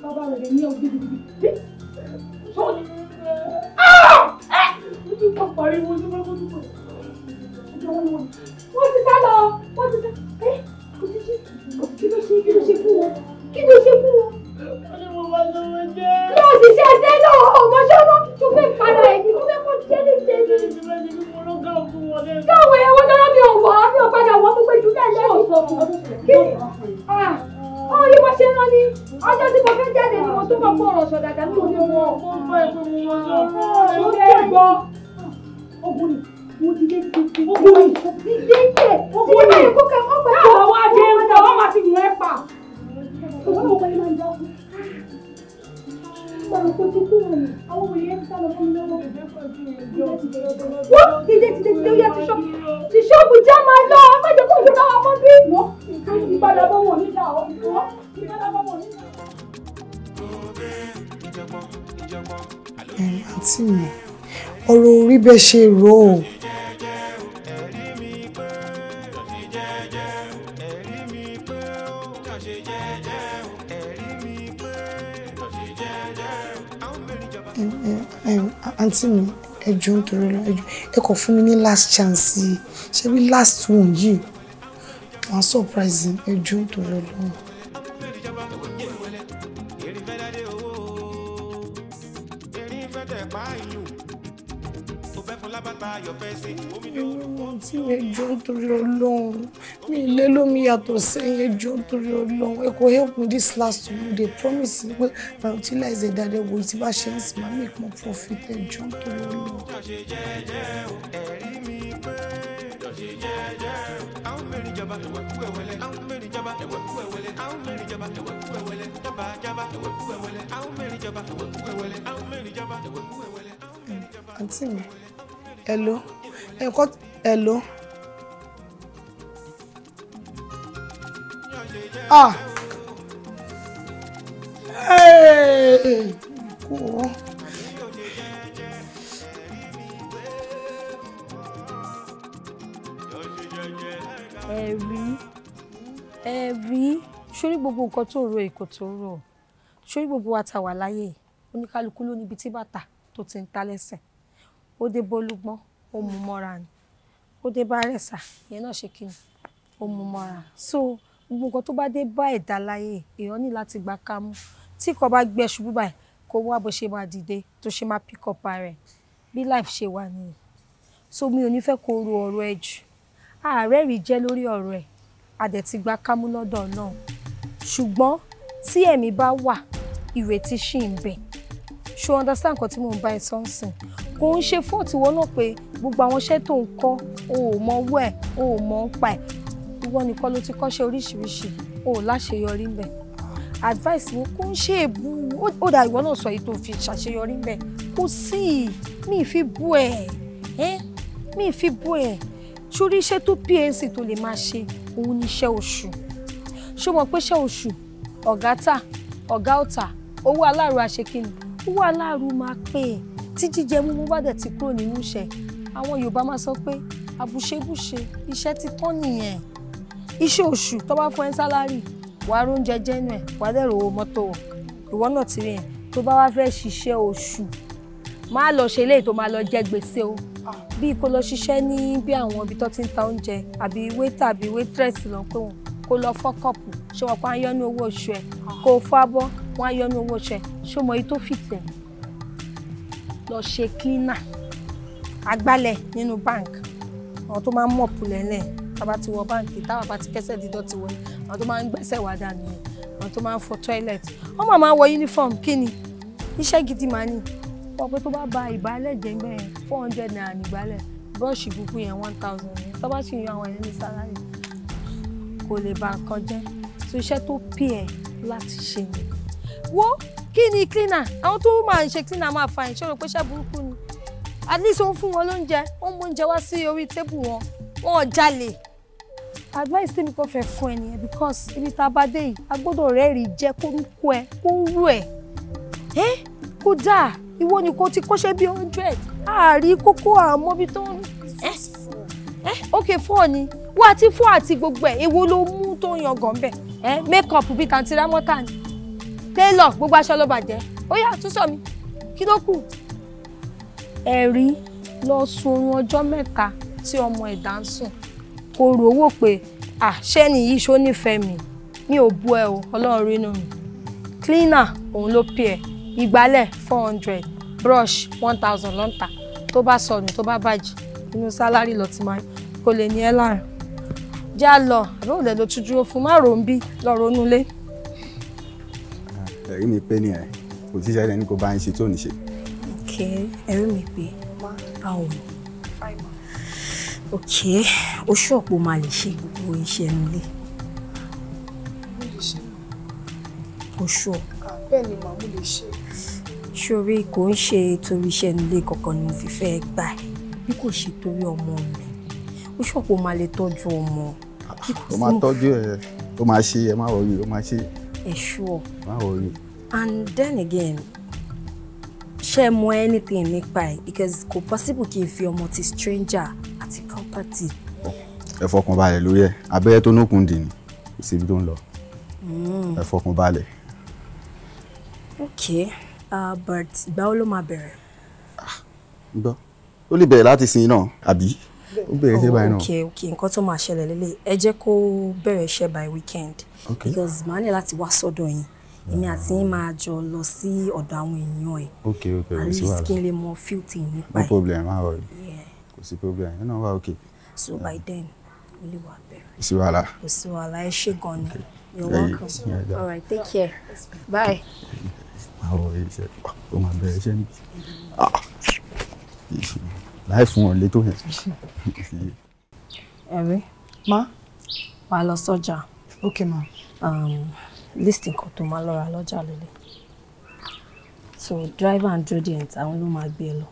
Speaker 1: bàbá rẹ̀
Speaker 5: Dáwọ̀ ẹ̀wọ̀n dáná mi ò wọ̀ ọ́ mi ò padà wọ́
Speaker 1: pípé jù náà lẹ́yìn tó mú. Kí ni? Ó yí wọ́n ṣe ń rán ní. Ọjọ́ tí mo fẹ́ jáde ni mo tún bọ̀ fún ọ̀rọ̀ ṣọ̀dàdà mi ò ní wọn. Mo fẹ́ fún wọn. Mo fẹ́ gbọ́. Ogun ni mo ti dé ti ogun ni mo ti dé tẹ̀. Ogun ni mo kà mọ́ pẹ̀lú. Àwọn adé ń bọ̀, wọ́n máa ti yẹn pa. Ìwọ́n ò pẹ́ máa ń dákú sọ̀rọ̀ kó tún kúrò ní àwọn òye ń sọ̀rọ̀ fún mi lọ́wọ́ bèbè kan sí ìjọ. wọ́n dìde dìde dìde oyè ti ṣọ́ọ̀bù ti ṣọ́ọ̀bù já máa ọ̀rọ̀ orí bẹ́ẹ̀ ṣe rò ó. àǹtí mi ẹjọ́ nítorí lọ ẹjọ́ ẹ kàn fún mi ní last chance yìí ṣé bí last one yìí wọ́n á surprise ẹjọ́
Speaker 2: nítorí lọ́wọ́.
Speaker 1: ìwọ̀n tí ẹjọ́ nítorí ọlọ́run mi ilé lómi yàtọ̀ sẹ́yìn ẹjọ́ nítorí ọlọ́run ẹ kò help me this last week they promise me pé my utilize ẹ̀ dáadáa wo tí bá ṣe ń sìn máa make more profit ẹjọ́ nítorí ọlọ́run.
Speaker 5: Àwọn mẹ́rin jaba ẹ̀wẹ̀kú
Speaker 1: Àǹtí mi hello nǹkan hello. ah hey cool. ẹ̀rí ẹ̀rí sórí gbogbo nǹkan tó ro èkó tó rò sórí gbogbo wa ta wà láyé oníkálukú ló níbi tí bàtà tó ti ń ta lẹ́sẹ̀ ó dé bólúgbọ́n ó mú mọ́ra ni ó dé bá rẹ̀sà ìyẹn náà ṣe kí ni ó mú mọ́ra so gbogbo nǹkan tó bá dé bá ẹ̀dá láyé èèyàn ní láti gbà ká mú tí kò bá gbẹ ṣubú báyìí kó wá bó ṣe máa dìde tó ṣe máa pick up ara ẹ̀ bí life ṣe wà nìyẹn so mi ò ní fẹ́ kó ro ọ̀rọ̀ ẹ jù ààrẹ rí jẹ́ lórí ọ̀rọ̀ ẹ̀ adẹ̀tí gba kámú lọ́dọ̀ náà ṣùgbọ́n tí ẹ̀mí bá wà ìrètí ṣì ń bẹ ṣó understand nǹkan tí mò ń bá ẹ sọ kò ń ṣe fóòtù wọn náà pé gbogbo àwọn iṣẹ́ tó ń kọ́ o ò mọ owó ẹ̀ o ò mọ ń pa ẹ̀ ìwọ nìkan ló ti kọ́ṣẹ́ oríṣiríṣi o ò láṣeyọrí ń bẹ̀ advice mi kò ń ṣe èbú ó dà ìwọ náà sọ èyí tó fi ṣàṣeyọrí ń bẹ̀ kò sí mi fi bú ẹ̀ ẹ́ mi fi bú ẹ̀ sórí iṣẹ́ tó PNC tó lè máa ṣe òun ni iṣẹ́ oṣù ṣó mọ̀ pé iṣẹ́ oṣù ọ̀gá tà ọ̀gá ọ̀tà owó aláàrú àṣekínni owó aláàrú máa pè é tí jíjẹ mímú bá dẹ̀ ti kúrò nínú iṣẹ́ àwọn Yorùbá máa sọ pé àbùṣebùṣe iṣẹ́ ti tán nìyẹn iṣẹ́ oṣù tó bá fún ẹ sálárì wàá róúnjẹ jẹ́nu ẹ̀ wàá dẹ̀ rówó mọ́tò wọ̀ ìwọ náà ti rí yẹn tó bá wá fẹ́ ṣiṣẹ́ oṣù máa lọ ṣe eléyìí tó máa lọ jẹ gbèsè o bí kò lọ ṣiṣẹ́ ní bí àwọn ibi tó ti ń ta oúnjẹ àbí wétà àbí wétírẹ̀sì lọ pé wọn kó lọ fọ́kọ̀pù ṣé wọn pa á yọ ní owó oṣù ẹ̀ kó o fọ́ abọ́ wọn á yọ ní owó oṣù ẹ̀ ṣé o mọ tó fìtẹ̀ lọ ṣe cleaner agbálẹ̀ nínú bank àwọn tó máa ń mọ̀pù lẹ́lẹ̀ tába ti wọ báǹkì táwa bá ti kẹ́sẹ̀ dídọ́ ti wọlé àwọn tó máa ń gbẹ́sẹ̀ wá dànù àwọn tó máa ń fọ toilet wọ́n máa máa wọ uniform kí ni iṣẹ́ gidi máa ní wọ́n pé tó bá ba ìbálẹ̀ jẹ́ bẹ́ẹ̀ four hundred naira nígbálẹ̀ bọ́ọ̀ṣì gbogbo yẹn one thousand yẹn tó bá sì yan àwọn ẹni sálárì kò lè ba nǹkan jẹ́ so iṣẹ́ tó pè ẹ́ láti ṣe ni wo kí ni cleaner àwọn tó máa ń ṣe cleaner máa fa ìṣòro pé iṣẹ́ burúkú ni at least ó ń fún wọn lóúnjẹ ó ń mú oúnjẹ wá sí orí tébù wọn wọn ò jalè advice tèmi kò fẹ́ fún ẹ nìyẹn because ibi tá a bá dé yìí a gbọ́dọ̀ rẹ́rìí jẹ́ kó ń kó ẹ kó ń rú ẹ ẹ kó dáa ìwọ ni kò ti kọ́ṣẹ́ bíi hundred ààrí kókó àmọ́bí tó ń ẹ ẹ ok four ni wọ́n àti four àti gbogbo ẹ̀ èwo ló mú tó yan gàn bẹ́ẹ̀ make up bíi tàǹtí rámọ́tà ni tẹ́lọ̀ gbogbo aṣọ ló bàjẹ́ ó yà túnṣọ mi kí ló kù. ẹ̀rí lọ sun oorun ọjọ́ mẹ́ta tí ọmọ ẹ̀dá ń sùn kò rò wò pé àṣẹ nìyí ṣó nífẹ̀ẹ́ mi mi ò bú ẹ o ọlọ́run rínú mi cleaner òun ló pè ẹ́ ìgbálẹ̀ four hundred brush one thousand lọ́ntà tó bá sọnù tó bá bàjẹ́ inú sálárì lọ ti máa kó lè ní ẹ́ láàrin já lọ àbẹ́wò lẹ́ lọ tún fún má rò bí lọ ronú lé
Speaker 4: ẹ̀rí mi pé nìyẹn kò tíṣẹ́ rẹ̀ ní kò bá ń ṣe tó ní ṣe.
Speaker 1: ok ẹ̀rí mi pé báwo ni ok oṣù ọ̀pọ̀ máa lè ṣe gbogbo iṣẹ́ ẹnu lé oṣù ọ̀pọ̀. bẹ́ẹ̀ ni màmú lè ṣe. sórí kò ń ṣe torí iṣẹ́ ẹnu lé kankan ni mo fi fẹ́ gbà ẹ́ bí kò ṣe torí ọmọ mi oṣù ọ̀pọ̀ máa lè tọ́jú ọmọ. ó máa
Speaker 4: tọ́jú ẹ̀ ó máa ṣe ẹ má wọrí ó máa ṣe
Speaker 1: ẹ eh, sure. and then again ṣe mọ anything nípa ẹ because kò possible kí n fi ọmọ ti stranger àti property.
Speaker 4: ẹ fọkàn balẹ̀ lórí ẹ abẹ́rẹ́ tó nókun dì ní kò síbi tó ń lọ hmm. ẹ fọkàn balẹ̀.
Speaker 1: okay uh, but ìgbà wo ló máa bẹ̀rẹ̀.
Speaker 4: Ah, gbọ́ ó lè bẹ̀rẹ̀ láti sin náà àbí ó
Speaker 6: bẹ̀rẹ̀ iṣẹ́ báyìí náà. Oh, ok
Speaker 1: ok nǹkan tó máa ṣẹlẹ̀ lélẹ̀ ẹ jẹ́ kó bẹ̀rẹ̀ iṣẹ́ by weekend. ok because màá ní láti wá sọ́dọ̀ yín èmi àti yín máa jọ lọ sí ọ̀dọ̀ àwọn èèyàn ẹ̀. ok ok at least kí n lè mọ few things nípa ẹ̀. no problem máa wọ̀
Speaker 3: kò sí problem ẹ̀ náà wà ok.
Speaker 1: so by then ó lè wà bẹ̀rẹ̀. kò sí wàhálà. kò sí wàhálà ẹ ṣé gan ni. you're welcome yeah, all right take care bye.
Speaker 4: máa wọ iṣẹ́ ó máa bẹ̀rẹ̀ iṣẹ́ níbi. Ah láì fún ọ létò yẹn.
Speaker 1: ẹ̀rí má wàá lọ sọ́jà ok ma um, list nǹkan tó máa lọ́ra lọ́jà lélẹ̀ so driver and rodent àwọn ló máa gbé ẹ e lọ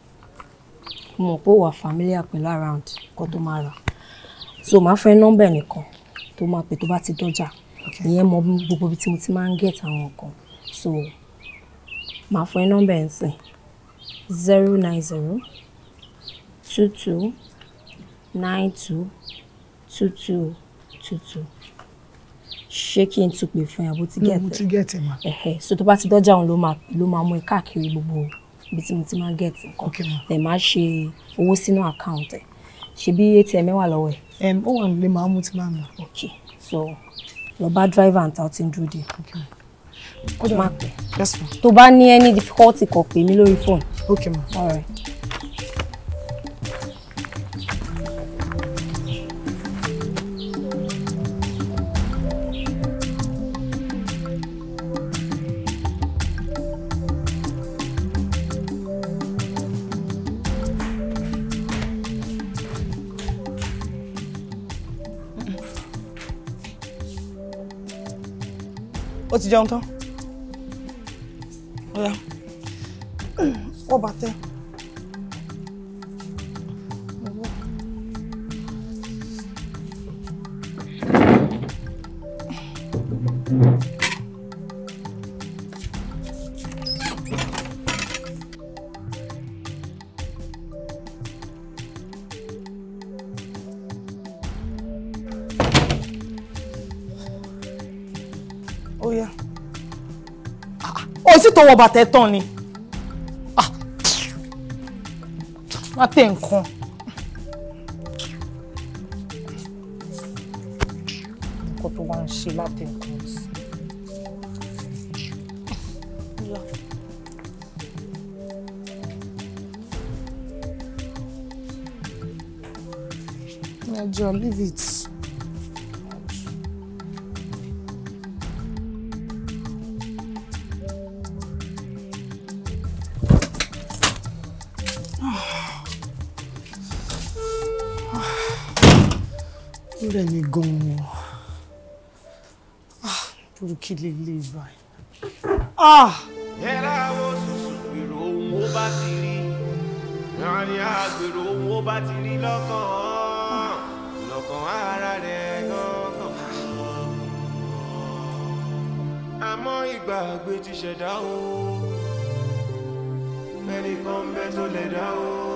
Speaker 1: mo mọ̀ pé ó wà familiar pẹ̀lú around nǹkan tó máa rà so màá fẹ́ nọ́mbà nìkan tó máa pè tó bá ti dọ́jà ìyẹn mọ gbogbo ibi tí mo ti máa ń get àwọn nǹkan so màá fún ẹ nọ́mbà zero nine zero two two nine two two two two two ṣé kí n tún pè fún ẹ bó ti get mo ma. Eh ma so to bá ti doja òun ló máa ló máa mú ẹ káàkiri gbogbo ibi tí mo ti máa gẹ̀tẹ̀ nǹkan ẹ̀ máa ṣe owó sínú àkáǹtì ẹ̀ ṣe bí atm wà lọ́wọ́ ẹ̀. ó wà nílé ma. mú ti máa nà. ok so lọ bá driver and tàwọn ti ń dúró de. ó máa pẹ́ tó bá ní any difficulty kó pè mí lórí phone. Okay ma all right. ó ti jẹun tán ó yá wọ́n bá tẹ́. tó wọ bàtẹ́ tán ni ah. má tẹ̀ nǹkan. nǹkan tó wá ń ṣe láti nǹkan sí.
Speaker 3: Major, leave it.
Speaker 4: rẹ̀ mi gan-an
Speaker 1: ah, burúkú lélẹ̀ ìbáyìí.
Speaker 5: Ah! ẹ̀rá wo sùsù gbèrò ohun ó bá ti rí ìrìn àgbèrò ohun ó bá ti rí lọ́kàn lọ́kàn ara rẹ̀ lọ́kàn. àmọ́ ìgbàgbé ti ṣẹ̀dá o ẹnìkan bẹ́ẹ̀ tó lẹ̀dá o.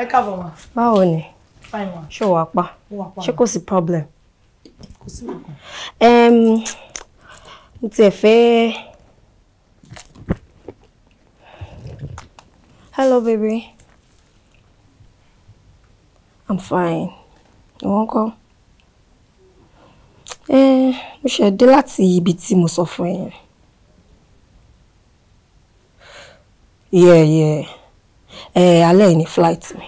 Speaker 1: ẹ káàbọ̀ ma. báwo ni ṣé wàá pa ṣé kò sí problem. kò sí nǹkan. mo tiẹ̀ fẹ́. hello baby i'm fine You ń kọ́. mo ṣe dé láti ibi tí mo sọ fún ẹ yeah yeah alẹ́ yìí ni flight mi.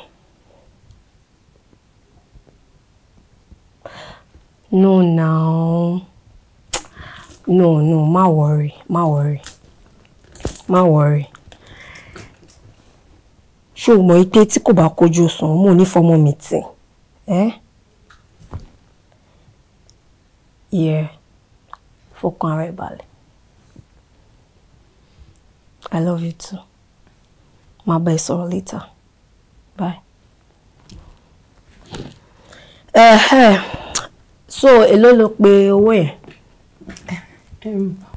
Speaker 1: no now no no má worry má worry má worry ṣé o mọ̀ ike tí kò bá kojú sùn mo ní fọmọ mi tì ẹ́ yẹ fọkàn ara ẹ̀ balẹ̀ I love you too máa bá ẹ sọ̀rọ̀ later bye. Uh, uh, so èló ló pe owó yẹn.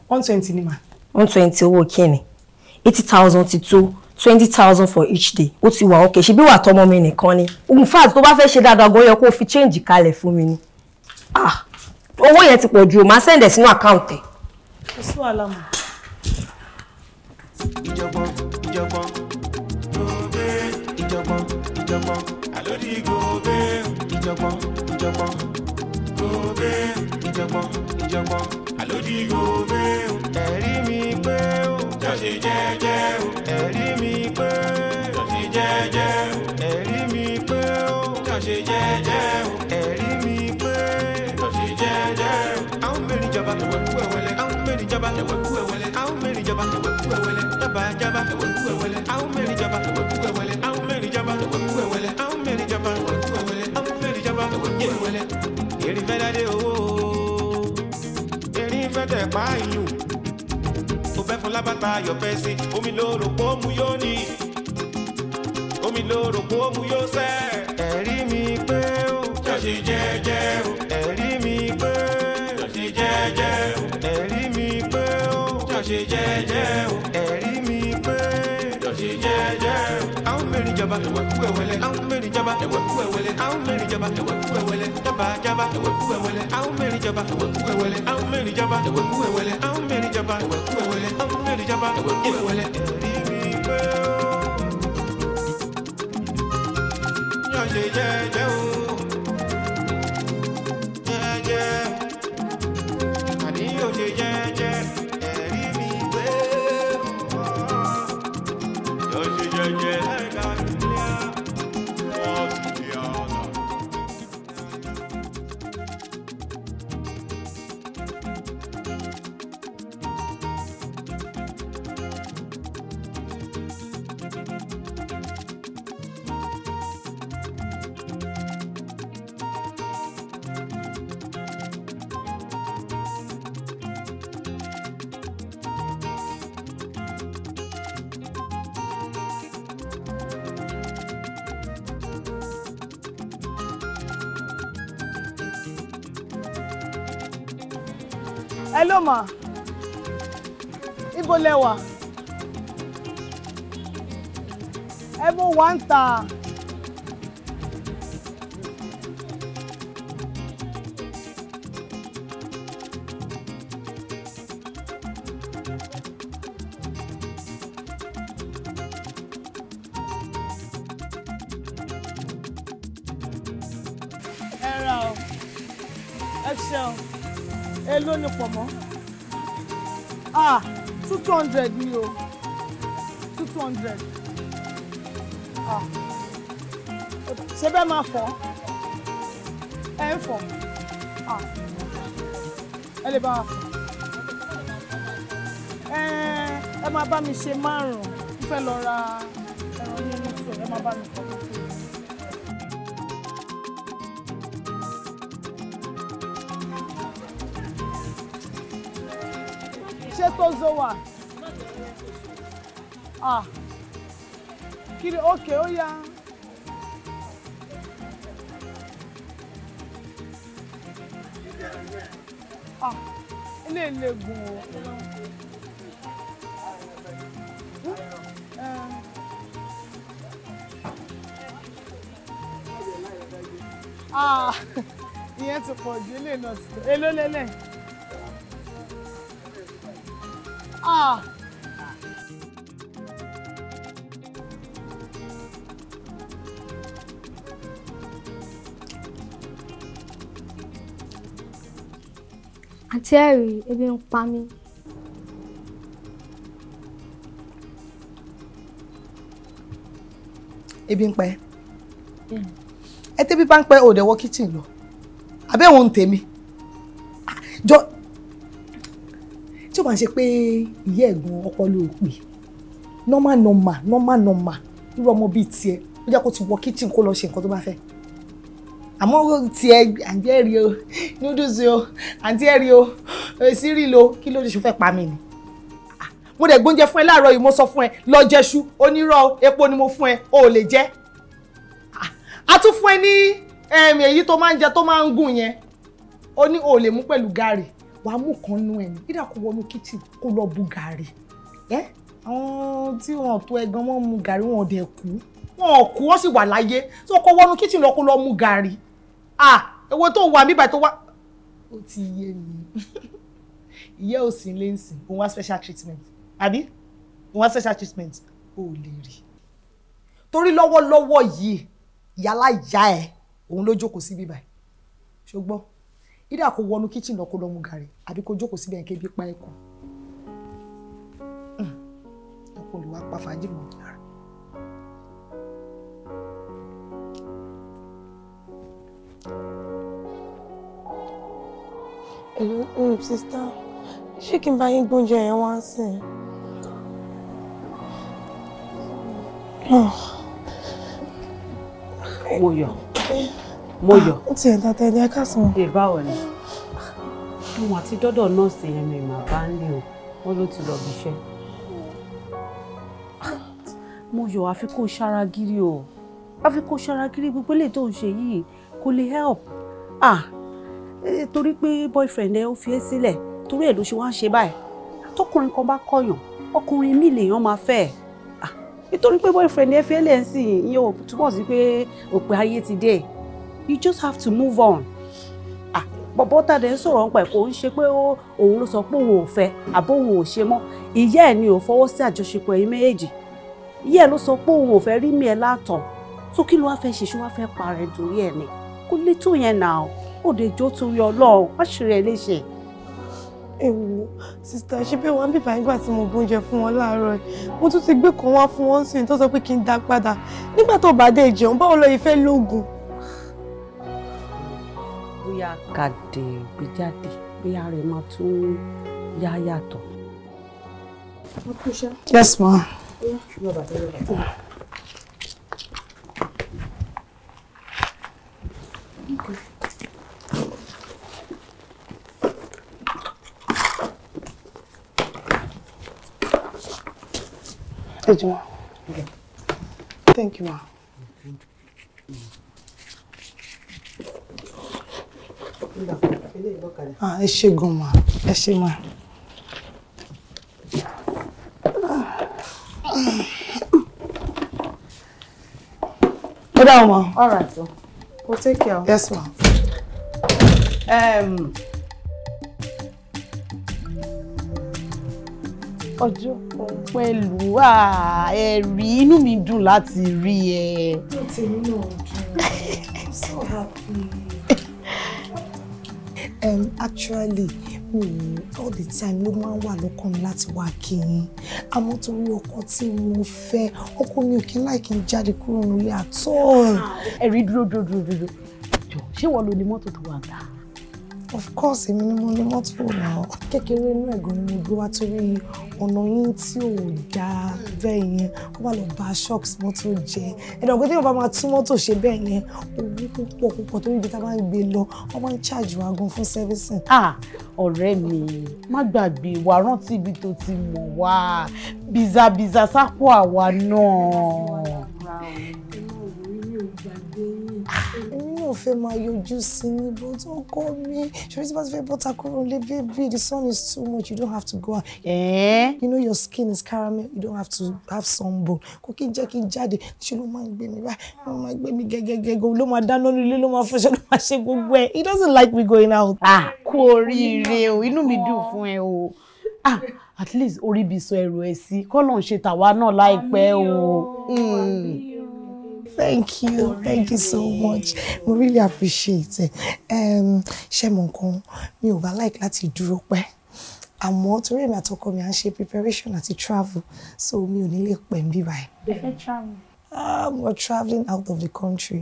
Speaker 1: one twenty ni mà. one twenty owó kíni eighty thousand ti tó twenty thousand for each day ó ti wà okay ṣe bí wà tọmọ mi nìkan ni in fact tó bá fẹ́ ṣe dáadáa gan yẹ kó o fi change kalẹ̀ fún mi ni ah owó yẹn ti pọ̀ jù o máa send ẹ̀ sínú àkáǹtì ẹ̀. kò
Speaker 5: ìjọ̀gbọ̀n ìjọ̀gbọ̀n. àlódì gòbè. ìjọ̀gbọ̀n ìjọ̀gbọ̀n. gòbè. ìjọ̀gbọ̀n ìjọ̀gbọ̀n. àlódì gòbè. ẹ̀rí mi pé o. jọ̀sí jẹ́jẹ́ o. ẹ̀rí mi pé. jọ̀sí jẹ́jẹ́ o. ẹ̀rí mi pé o. jọ̀sí jẹ́jẹ́ o. ẹ̀rí mi pé. jọ̀sí jẹ́jẹ́ o. àwọn mẹ́rin jọba lọ́wọ́ wẹ́wẹ́lẹ́. àwọn mẹ́rin jọba lọ́wọ́ wẹ́wẹ́lẹ́. àwọn mẹ́rin jọba lọ́wọ́ wẹ́wẹ́lẹ́. jọba jọba lọ́wọ́ wẹ́wẹ́lẹ́. àwọn mẹ́rin jọba lọ́wọ́ wẹ́wẹ́lẹ́ meri jaba wele àwọn meri jaba wele àwọn meri jaba wele erin fẹ́ dáadé owó erin fẹ́ tẹ̀ pa ìlú tó bẹ́ fún lábàtà ayọ̀ fẹ́ sí omi lóòrò pé mu yóò ní omi lóòrò pé mu yóò sẹ́ ẹ̀rí mi pé ó ṣọ́ọ̀ṣì jẹ́jẹ́ ó ẹ̀rí mi pé ṣọ́ọ̀ṣì jẹ́jẹ́ ó ẹ̀rí mi pé ó ṣọ́ọ̀ṣì jẹ́jẹ́ ó ẹ̀rí mi pé jẹ́. àwọn mẹ́rin jaba ẹ̀wẹ̀ kú ẹ̀wẹ̀lẹ̀. àwọn mẹ́rin jaba ẹ̀wẹ̀ kú ẹ̀wẹ̀lẹ̀. àwọn mẹ́rin jaba ẹ̀wẹ̀ kú ẹ̀wẹ̀lẹ̀. jaba jaba ẹ̀wẹ̀ kú ẹ̀wẹ̀lẹ̀. àwọn mẹ́rin jaba ẹ̀wẹ̀ kú ẹ̀wẹ̀lẹ̀. àwọn mẹ́rin jaba ẹ̀wẹ̀ kú ẹ̀wẹ̀lẹ̀. àwọn mẹ́rin jaba ẹ̀wẹ̀ kú ẹ̀wẹ̀lẹ̀. àwọn mẹ́rin jaba ẹ̀wẹ̀ kú ẹ̀wẹ̀lẹ̀. rírí pé ó yàn ṣe jẹ́jẹ́ o. yeah.
Speaker 1: mà ibo lẹ wà ẹ mú ta. ẹ ra ọ ẹ ṣeun èló ni pọ̀ ah two hundred ni o two hundred ah ṣe bẹ́ẹ̀ ma fọ́ ẹ̀ ń ah ẹ lè bá Eh, fọ́ m'a máa bá mi ṣe márùn-ún fẹ́ ra. Ozowa. Ah. Kiri okay, ó yá. Ah. Ilé ilé gùn o. Ah. Ìyẹn ti pọ̀ ju ilé náà ti tó. tí ẹ rí ebi ń pa mí. ebi ń pa ẹ ẹ tẹ́bí bá ń pẹ́ òde wọ kíchìn lọ àbẹ́ òun ń tèmi ah, jọ tí o bá ń ṣe pé ìyá ẹ̀gbọ́n ọpọlọ òpè normal normal normal normal irú ọmọ bíi tiẹ̀ ó jẹ́ kó ti wọ kíchìn kó lọ ṣe nǹkan tó bá fẹ́ àmọ́ tiẹ̀ àǹtí ẹ̀rí o noodles o àǹtí ẹ̀rí o cereal o kí ló dé ṣe fẹ́ pa mí ni. mo dẹ̀ gbóúnjẹ fún ẹ láàárọ̀ yìí mo sọ fún ẹ lọ jẹṣu onírọ̀ epo ni mo fún ẹ o ò lè jẹ. a tún fún ẹ ní èyí tó máa ń jẹ tó máa ń gùn yẹn ó ní o ò lè mú pẹ̀lú gààrí wàá mú kan nú ẹ ní ìdá kó wọnú kitchen kó lọ bu gààrí ẹ àwọn tí wọn tó ẹgan mọ́ mu gààrí wọn ò dẹ̀ kú wọn ò kú wọn sì wà láyé tó kó wọnú kitchen lọ kó lọ mu gààrí ah èwo tó wà mí báyìí tó wà ó ti yé mi ìyá ò sí lẹ́sìn òun wá special treatment àbí òun wá special treatment ó lè rí torí lọ́wọ́lọ́wọ́ yìí yálà yá ẹ òun ló jókòó síbí báyìí ṣùgbọ́n ìdá kò wọnú kíchìn lọ kó lọ mu gàrí àbí kó jókòó síbẹ̀ kébi pa ẹ̀kọ́ ọkùnrin hmm. wa pa fàájì mọ́. ẹ̀yọ́ mm, sista ṣé kí n bá yín gbóúnjẹ yẹn wá sí i. Ah. mo yọ mo yọ. Ah, ó ti ẹ̀dá tẹ̀lé ẹ̀ka sùn. lè báwo ni òun àti dọ́dọ̀ nọ́ọ̀sì yẹn mi mà bá ń lè o wọ́n ló ti lọ bí iṣẹ́. mo yọ àfi kó ṣara gírí o àfi kó ṣara gírí gbogbo eléyìí tó ń ṣe yìí kò lè help. ah Eh, torí pé boyfriend ẹ ó fi é sílẹ̀ torí ẹ̀ ló ṣe wá ń ṣe báyìí tọkùnrin kan bá kọyàn ọkùnrin míì lèèyàn máa fẹ́ ẹ̀ nítorí pé boyfriend ẹ fi é lẹ́yìn sí ìyẹn ò túbọ̀ sí pé òpin ayé ti dé you just have to move on bọ̀bọ̀ tàdé ń sọ̀rọ̀ nípa ẹ̀ kò ń ṣe pé òun ló sọ pé òun ò fẹ́ àbó òun ò ṣe mọ́ ìyá ẹ̀ ni ò fọwọ́ sí àjọṣepọ̀ ẹ̀yìn méjèèjì ìyá ẹ̀ ló sọ pé òun ò fẹ́ rí mi ẹ̀ látọ̀ tó kí ló wá fẹ́ ṣe ṣé wá fẹ́ para ẹ̀ torí ẹ̀ ni kò lè tó yẹn nà ọ́ òde ìjọ torí ọlọ́run wọ́n ṣe rẹ̀ léṣe. ẹ wo sista ṣe bẹ́ẹ̀ wọ́n á bèbà nígbà tí mo gbóúnjẹ fún wọn láàárọ̀ mo tún ti gbé kan wá fún wọn sí tó sọ pé kí n dá padà nígbà tó bá dé ìjẹun báwo lọ ìfẹ́ lóògùn. bóyá kàdé gbéjáde bóyá rẹ̀ máa tún yá yàtọ̀. yes ma. Okay. Thank you, ma. Thank you, ma. Ah, it's she good, ma, It's she ma. Good, ma. All right, so. We'll take care. Yes, ma. Um, ọjọ́ kan pẹ̀lú ẹ̀rí inú mi dùn láti rí ẹ. inú
Speaker 2: tèmi so happy.
Speaker 1: um, actually mi all the time ló máa ń wà lọ́kàn mi láti wá kí yín àmọ́ torí ọkọ tí mo fẹ́ ọkọ mi ò kí láì kí n jáde kúrò nílé at all. ẹ̀rí dúró dúró dúró dúró ṣé wọ́n lo ni mọ́tò tó wà ń of course èmi ni mo ní mọ́tò náà. kékeré inú ẹ̀gàn ni mo gbé wá torí ọ̀nà yín tí ò dáa bẹ́ẹ̀ yẹn ó bá lọ ba shocks mọ́tò jẹ́ ẹ̀dọ̀ pé téèyàn bá máa tún mọ́tò ṣe bẹ́ẹ̀ yẹn owó púpọ̀ púpọ̀ torí ibi tá a máa ń gbé lọ wọ́n máa ń charge wa gan fún servicing. ah ọ̀rẹ́ mi má gbàgbé wa rántí ibi tó ti mọ̀ wá bizabiza sápò àwa náà. ò fẹ́ máa yọjú sí ní bó tó kọ́ mi ṣòro tí bá ti fẹ́ bọ́ta kúrò lé baby the sun is too much you don't have to go out. Eh? you know your skin is caramel you don't have to have sunburn kò kí n jẹ́ kí n jáde ṣe ló máa ń gbé mi báyìí ló máa ń gbé mi gẹ́gẹ́gẹ́gẹ́ ló máa dáná nílé ló máa fọṣọ ló máa ṣe gbogbo ẹ̀ he doesn't like me going out. ah kú oríire o inú mi dùn fún ẹ o ah at least orí bí sọ ẹrù ẹ sí kọ́ ló ń ṣe tàwa náà láìpẹ́ o àmì o. Hmm thank you oh, thank you so much We really appreciate it ṣe mọ nǹkan mi ò like láti dúró pẹ́ àmọ́ torí èmi àtọkọ mi à ń ṣe preparation àti travel so mi ò ní lè pẹ́ bí báyìí. they fit travel. ah we are out of the country.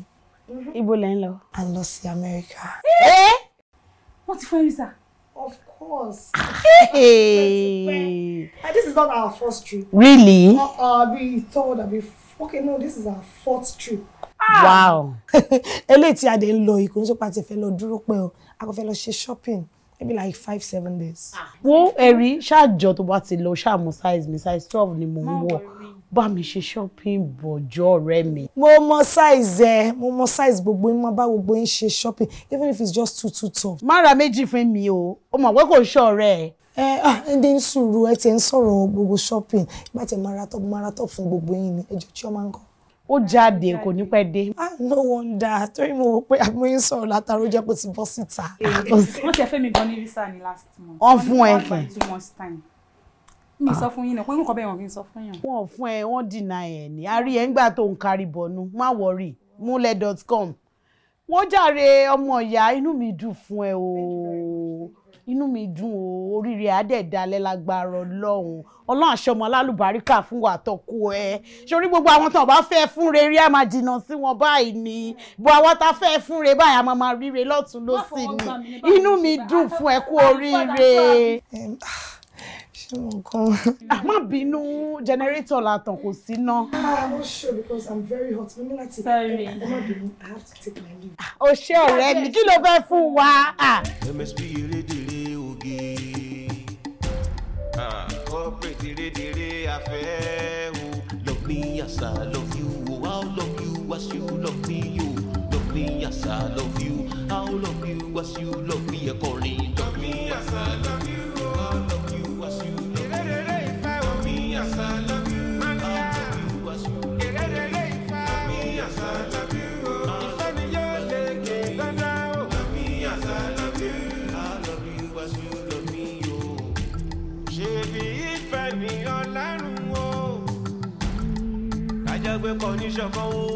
Speaker 1: Mm-hmm. ibo lẹ ń lọ. a lọ sí America. Eh? wọ́n ti fẹ́ rí of course. Hey. this is not our first trip. really. Uh, uh, be third abi okay no this is our fourth trip. Ah. wow eléyìí tí a dé ń lọ yìí kò ń ṣe pa ti fẹ́ lọ dúró pẹ́ o a kò fẹ́ lọ ṣe shopping maybe like five seven days. Ah. wo ẹ̀rí ṣáàjọ tó bá ti lọ ṣáàmù size mi size twelve ni mo ń wọ̀ bá mi ṣe shopping bọ̀jọ́ ọ̀rẹ́ mi. mo mọ size ẹ mo mọ size gbogbo yín mo bá gbogbo yín ṣe shopping even if it's just two two tough. má ra méjì fún mi o ó mọ̀ pé kò ṣọ̀rẹ́ ẹ̀ ẹ ẹdẹ ń sùúrù ẹ ti ń sọ̀rọ̀ gbogbo shopping ìgbà tí maratọ marathon, fún gbogbo yín ni ẹjọ tí ó máa ń kọ. ó jáde kò ní pẹ́ dé. ah no wonder torí mo wò pé àmọ́ yín sọ̀rọ̀ látara ó jẹ́ pé ó ti bọ́ síta. wọ́n ti ẹ̀fẹ́ mi gan ní visa ni last month. wọ́n fún ẹ kẹ́ mi sọ fún yín náà pé nǹkan bẹ́ẹ̀ wọ́n fi sọ fún yàn. wọ́n fún ẹ wọ́n dìnnà ẹ̀ ní a rí ẹ ń gbà tó ń kárí bọ̀nu má wọ̀rì múlẹ̀.com wọ́n jàre ọmọ ìyá inú mi dùn fún ẹ o inú mi dùn o oríire àdẹ̀dálẹ́ lágbára ọlọ́run ọlọ́run àṣọmọ alálùbáríkà fún wa àtọ́kù ẹ sórí gbogbo àwọn tó bá fẹ́ fún rere á máa jìnnà sí wọn báyìí ni bó àwọn tá fẹ́ fún rere báyìí á máa máa ríre lọ́tún lọ́sìn ni inú mi dùn fún ẹ kú oríire ṣé mo gan. àmọ́ ah, bínú jẹnẹrétọ̀ la kò sí ná. Ah, I'm not sure because I'm very hot mo ní láti sorry ẹ má bínú I have to take my leave. Ah, o ṣé ọ̀rẹ́ mi kí ló fẹ́ fún wa.
Speaker 5: MSP rédèrè oge corporate rédèrè afẹ́ o love me as I love you o how love you as you love me o love me as I love you how love you as you love me ẹ kọrin me as I love you. chamou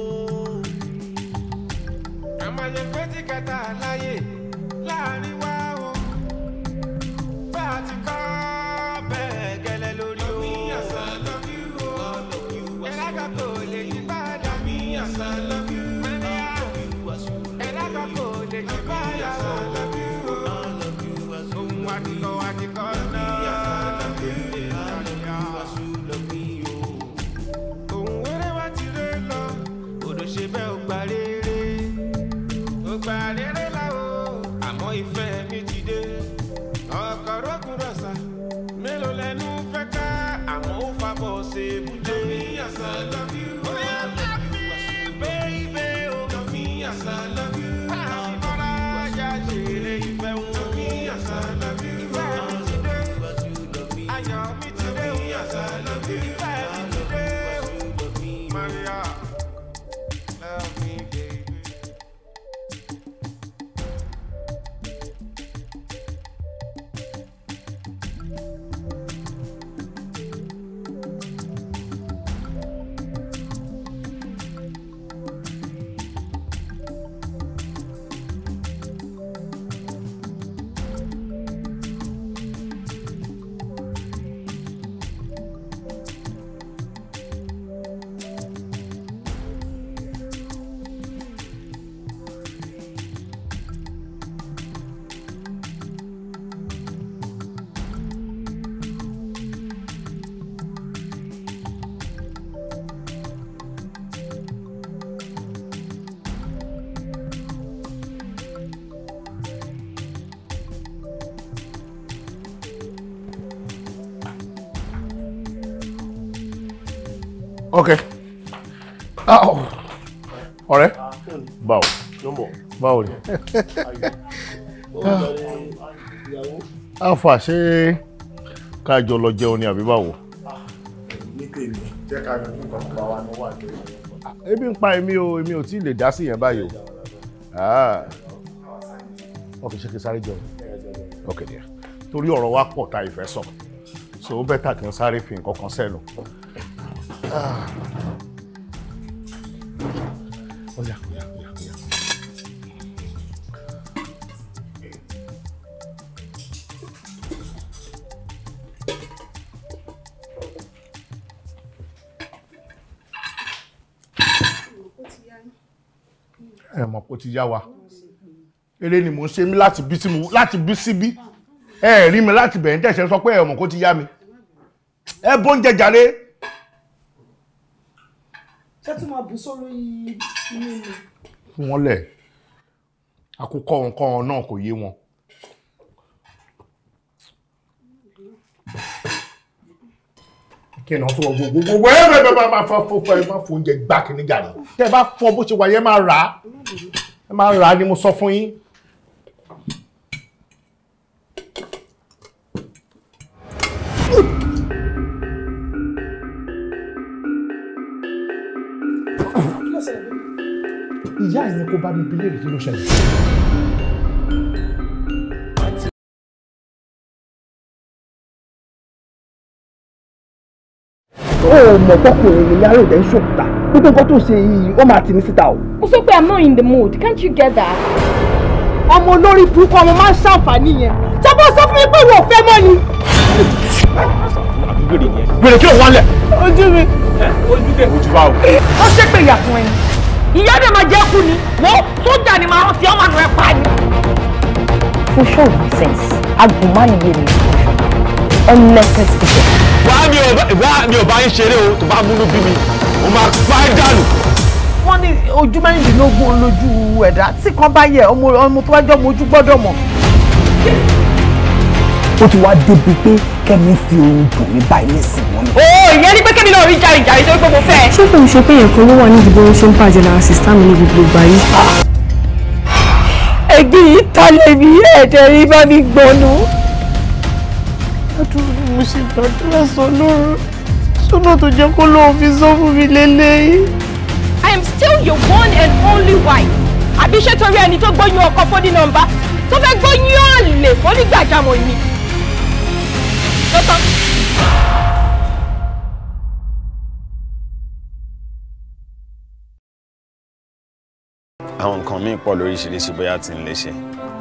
Speaker 3: ok ọ̀rẹ́ báwo báwo ni afa ṣe ká jọ lọ jẹun ni àbí báwo. ebi ń pa èmi o èmi ò tí ì lè dá sí yẹn báyìí o ah. ok ṣe kí sáré jẹun ok torí ọ̀rọ̀ wa pọ̀ ta ìfẹ́ sọ so ó bẹ́ẹ̀ tà kí n sáré fi nǹkan kan sẹ́nu. Oya, oya, oya, oya. ẹ mọ̀ pé ó ti yá wa eré ni mò ń ṣe mí láti bí síbi láti bí síbi ẹ rí mi láti bẹ̀rẹ̀ tẹ̀sẹ̀ sọ pé ẹ mọ̀ kó ti yá mi ẹ bó ń jẹ jàre
Speaker 1: ṣé tí máa bù sórí inú mi.
Speaker 3: wọ́n lẹ̀ àkókò nǹkan náà kò yé wọn. kí ni wọ́n tún wọ gbogbo gbogbo ẹ bẹ bẹ máa fọ fọ ẹ máa fọ oúnjẹ gbá kínní gàrí tẹ bá fọ bó ṣe wà máa rà á ẹ máa rà á ni mo sọ fún yín. ìyá ẹ̀ ni kó bá mi bí léèrè kí ló ṣẹlẹ̀.
Speaker 2: ó mọ̀ tọkùnrin ni yàrá òde ń ṣòkúta
Speaker 1: pípé
Speaker 4: nǹkan tó ṣe yìí ó máa tì mí síta o.
Speaker 1: mo sọ pé i'm not in the mood can't you get that. ọmọ olórí burúkú ọmọ máa ń ṣàǹfààní yẹn jábọ̀ sọ fún mi pé ìwọ fẹ́ mọ́ ni. gbèrè kí ló wọlé. ojú mi.
Speaker 3: ojú bẹ́ẹ̀ ojú bá o.
Speaker 1: ó ṣépè ìyà ẹni ìyá dẹ̀ máa jẹ́ ni wo sójà ni màá rántí ọmọ àná ẹ̀ pa ni.
Speaker 3: for sure with sense
Speaker 1: agùnmáyé ni unlimited
Speaker 3: speaker. wá mi ò wá mi ò bá ń ṣeré o tó bá múnú bí mi mo máa pa ẹ́ dànù.
Speaker 1: wọ́n ní ojú mẹ́rìndínlógún olójú ẹ̀dá tí kan bá yẹ ọmọ tó bá ọmọ ojú gbọ́dọ̀ mọ̀
Speaker 4: ó ti wá débi pé kẹ́mi fi ohun dùn mí báyìí nísìn
Speaker 1: wọn. ó oh, ìyẹn ni pé kẹ́mi náà rí jàrìjàrì tó gbogbo fẹ́. ṣé
Speaker 4: kò ń ṣe pé ẹ̀kọ́
Speaker 1: ló wà ní ìdìbò ṣe ń bàjẹ́ lára sísá mi ní gbogbo ìgbà yìí. ẹgbẹ́ yìí ta lè rí ẹ̀jẹ̀ rí bá mi gbọ́nú.
Speaker 6: ládùúgbò mo ṣe gbàdúrà sọlọ́run sọ́nà tó jẹ́ kó lóun fi sọ fún mi lélẹ́yìí.
Speaker 1: I am still your one and only wife. àbí ṣé torí ẹni tó gbóyún ọkọ fódì nọ́mbà tó fẹ́ gbóyún ọ̀lẹ̀ fónígbàjámọ̀ yìí àwọn
Speaker 6: nǹkan míì pọ̀ lóríṣiríṣi bóyá tí n lè ṣe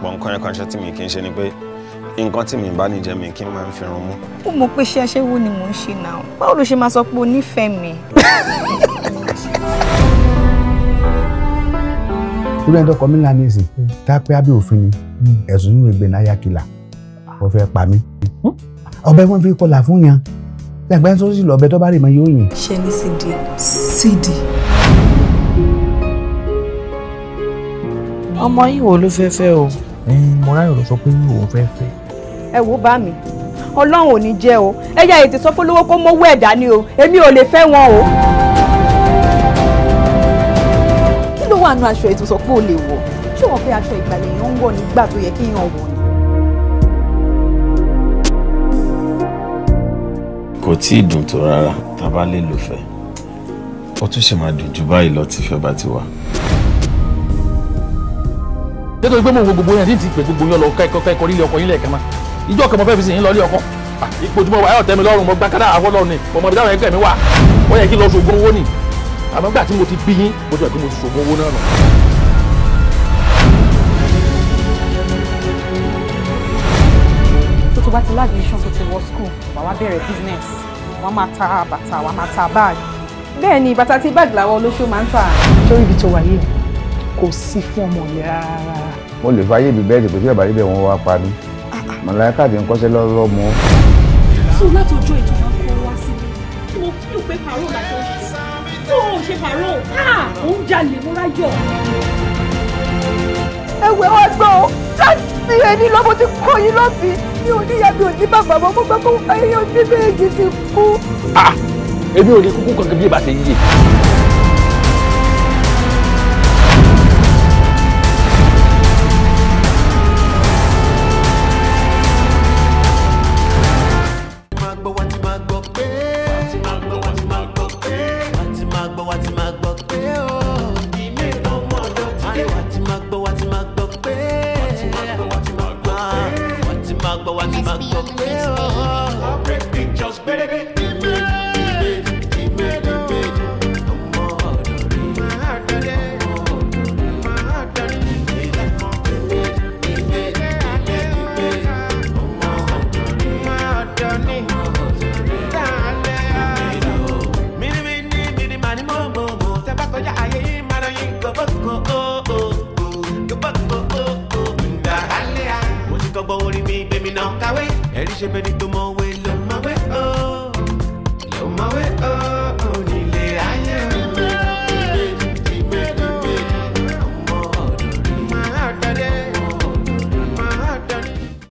Speaker 6: bọ̀ nǹkan yẹn kan ṣe tí mi kì í ṣe ni pé nǹkan tí mi bá ní jẹ mi kí n máa ń fi run mú.
Speaker 2: ó
Speaker 1: mọ pé ṣé aṣẹ́wó ni mò ń ṣe náà báwo ló ṣe máa sọ pé o nífẹ̀ẹ́ mi.
Speaker 4: irú ẹni tọkọ mi ńlá ní ìsìn dápẹ́ abẹ́ òfin ni hmm. ẹ̀sùn nínú ìgbẹ́ náyà kìlà wọ́n fẹ́ pa mí. Hmm? ọ̀bẹ wọn fi kọlà fún yan lẹ́gbẹ́ tó sì lọ ọ̀bẹ tó bá rè mọ yóò yìn. ṣe ní cd cd.
Speaker 1: ọmọ yìí wo ló fẹ́ fẹ́
Speaker 2: o. mo ráyè lọ sọ pé òun fẹ́ fẹ́.
Speaker 1: ẹ wo bá mi ọlọ́run ò ní jẹ́ o ẹ̀yà ètè sọ fún lówó kó mówó ẹ̀dá ni o èmi ò lè fẹ́ wọn o. kí ló wà nù aṣọ ètò sọ pé o lè wọ̀ ṣé wọn fẹ́ aṣọ ìgbàlẹ̀ yẹn ń wọ̀ nígbà tó yẹ kí yẹn wọ̀ ni.
Speaker 6: kò tí ì dùn tó rárá tá a bá lè lò fẹ́ ó tún ṣe máa dùn jù báyìí lọ tí ìfẹ́ bá ti wà.
Speaker 3: nítorí pé mo wo gbogbo yẹn tí ti pè gbogbo yẹn lọ kẹ́kọ̀ọ́ kẹ́kọ̀ọ́ nílé ọkọ yín lẹ́ẹ̀kan náà ìjọ kan mo fẹ́ fi sìn yín lọ ilé ọkọ ipò tí mo wà ayọ̀ lọ́rùn mo gba kádà àwọ̀ lọ́rùn ni mo mọ ibi ẹgbẹ́ mi wà ó yẹ kí n lọ owó ni àmọ́ gbà tí mo ti bí yín mo ti wà pé mo ti ṣògùn owó náà nù.
Speaker 1: tó lágbèsàn tó ti wọ school but wá bẹ̀rẹ̀ business wọ́n máa ta bàtà wọ́n máa ta báàgì bẹ́ẹ̀ ni bàtà tí báàgì làwọn olóṣó máa ń tà. sórí ibi tó wáyé kò sí fún ọmọ yẹn rárá.
Speaker 3: mo lè fàyè ibi bẹ́ẹ̀ dìbò tí bàbá yìí bẹ̀ wọ́n wá pa mí màláìka ti ń kọ́ṣẹ́ lọ́wọ́ mọ́.
Speaker 1: tó láti ọjọ́ ètò máa ń kọ́ wá síbi mo kí o pé pàrọ̀ làjọ tó o ṣe pàrọ̀ ó ń jalè mo ráyọ̀. ẹ̀wẹ̀ wá gbọ́ ọ́ láti fi ẹni lọ́mọ tí kò yín lọ́bìí mi ò níyá mi ò ní bàbá mọ́ mo gbà pé ẹyẹ
Speaker 3: oníbèjì ti kú. Ah, èmi ò ní kúkú kankan bí ìbá ṣe yíyẹ.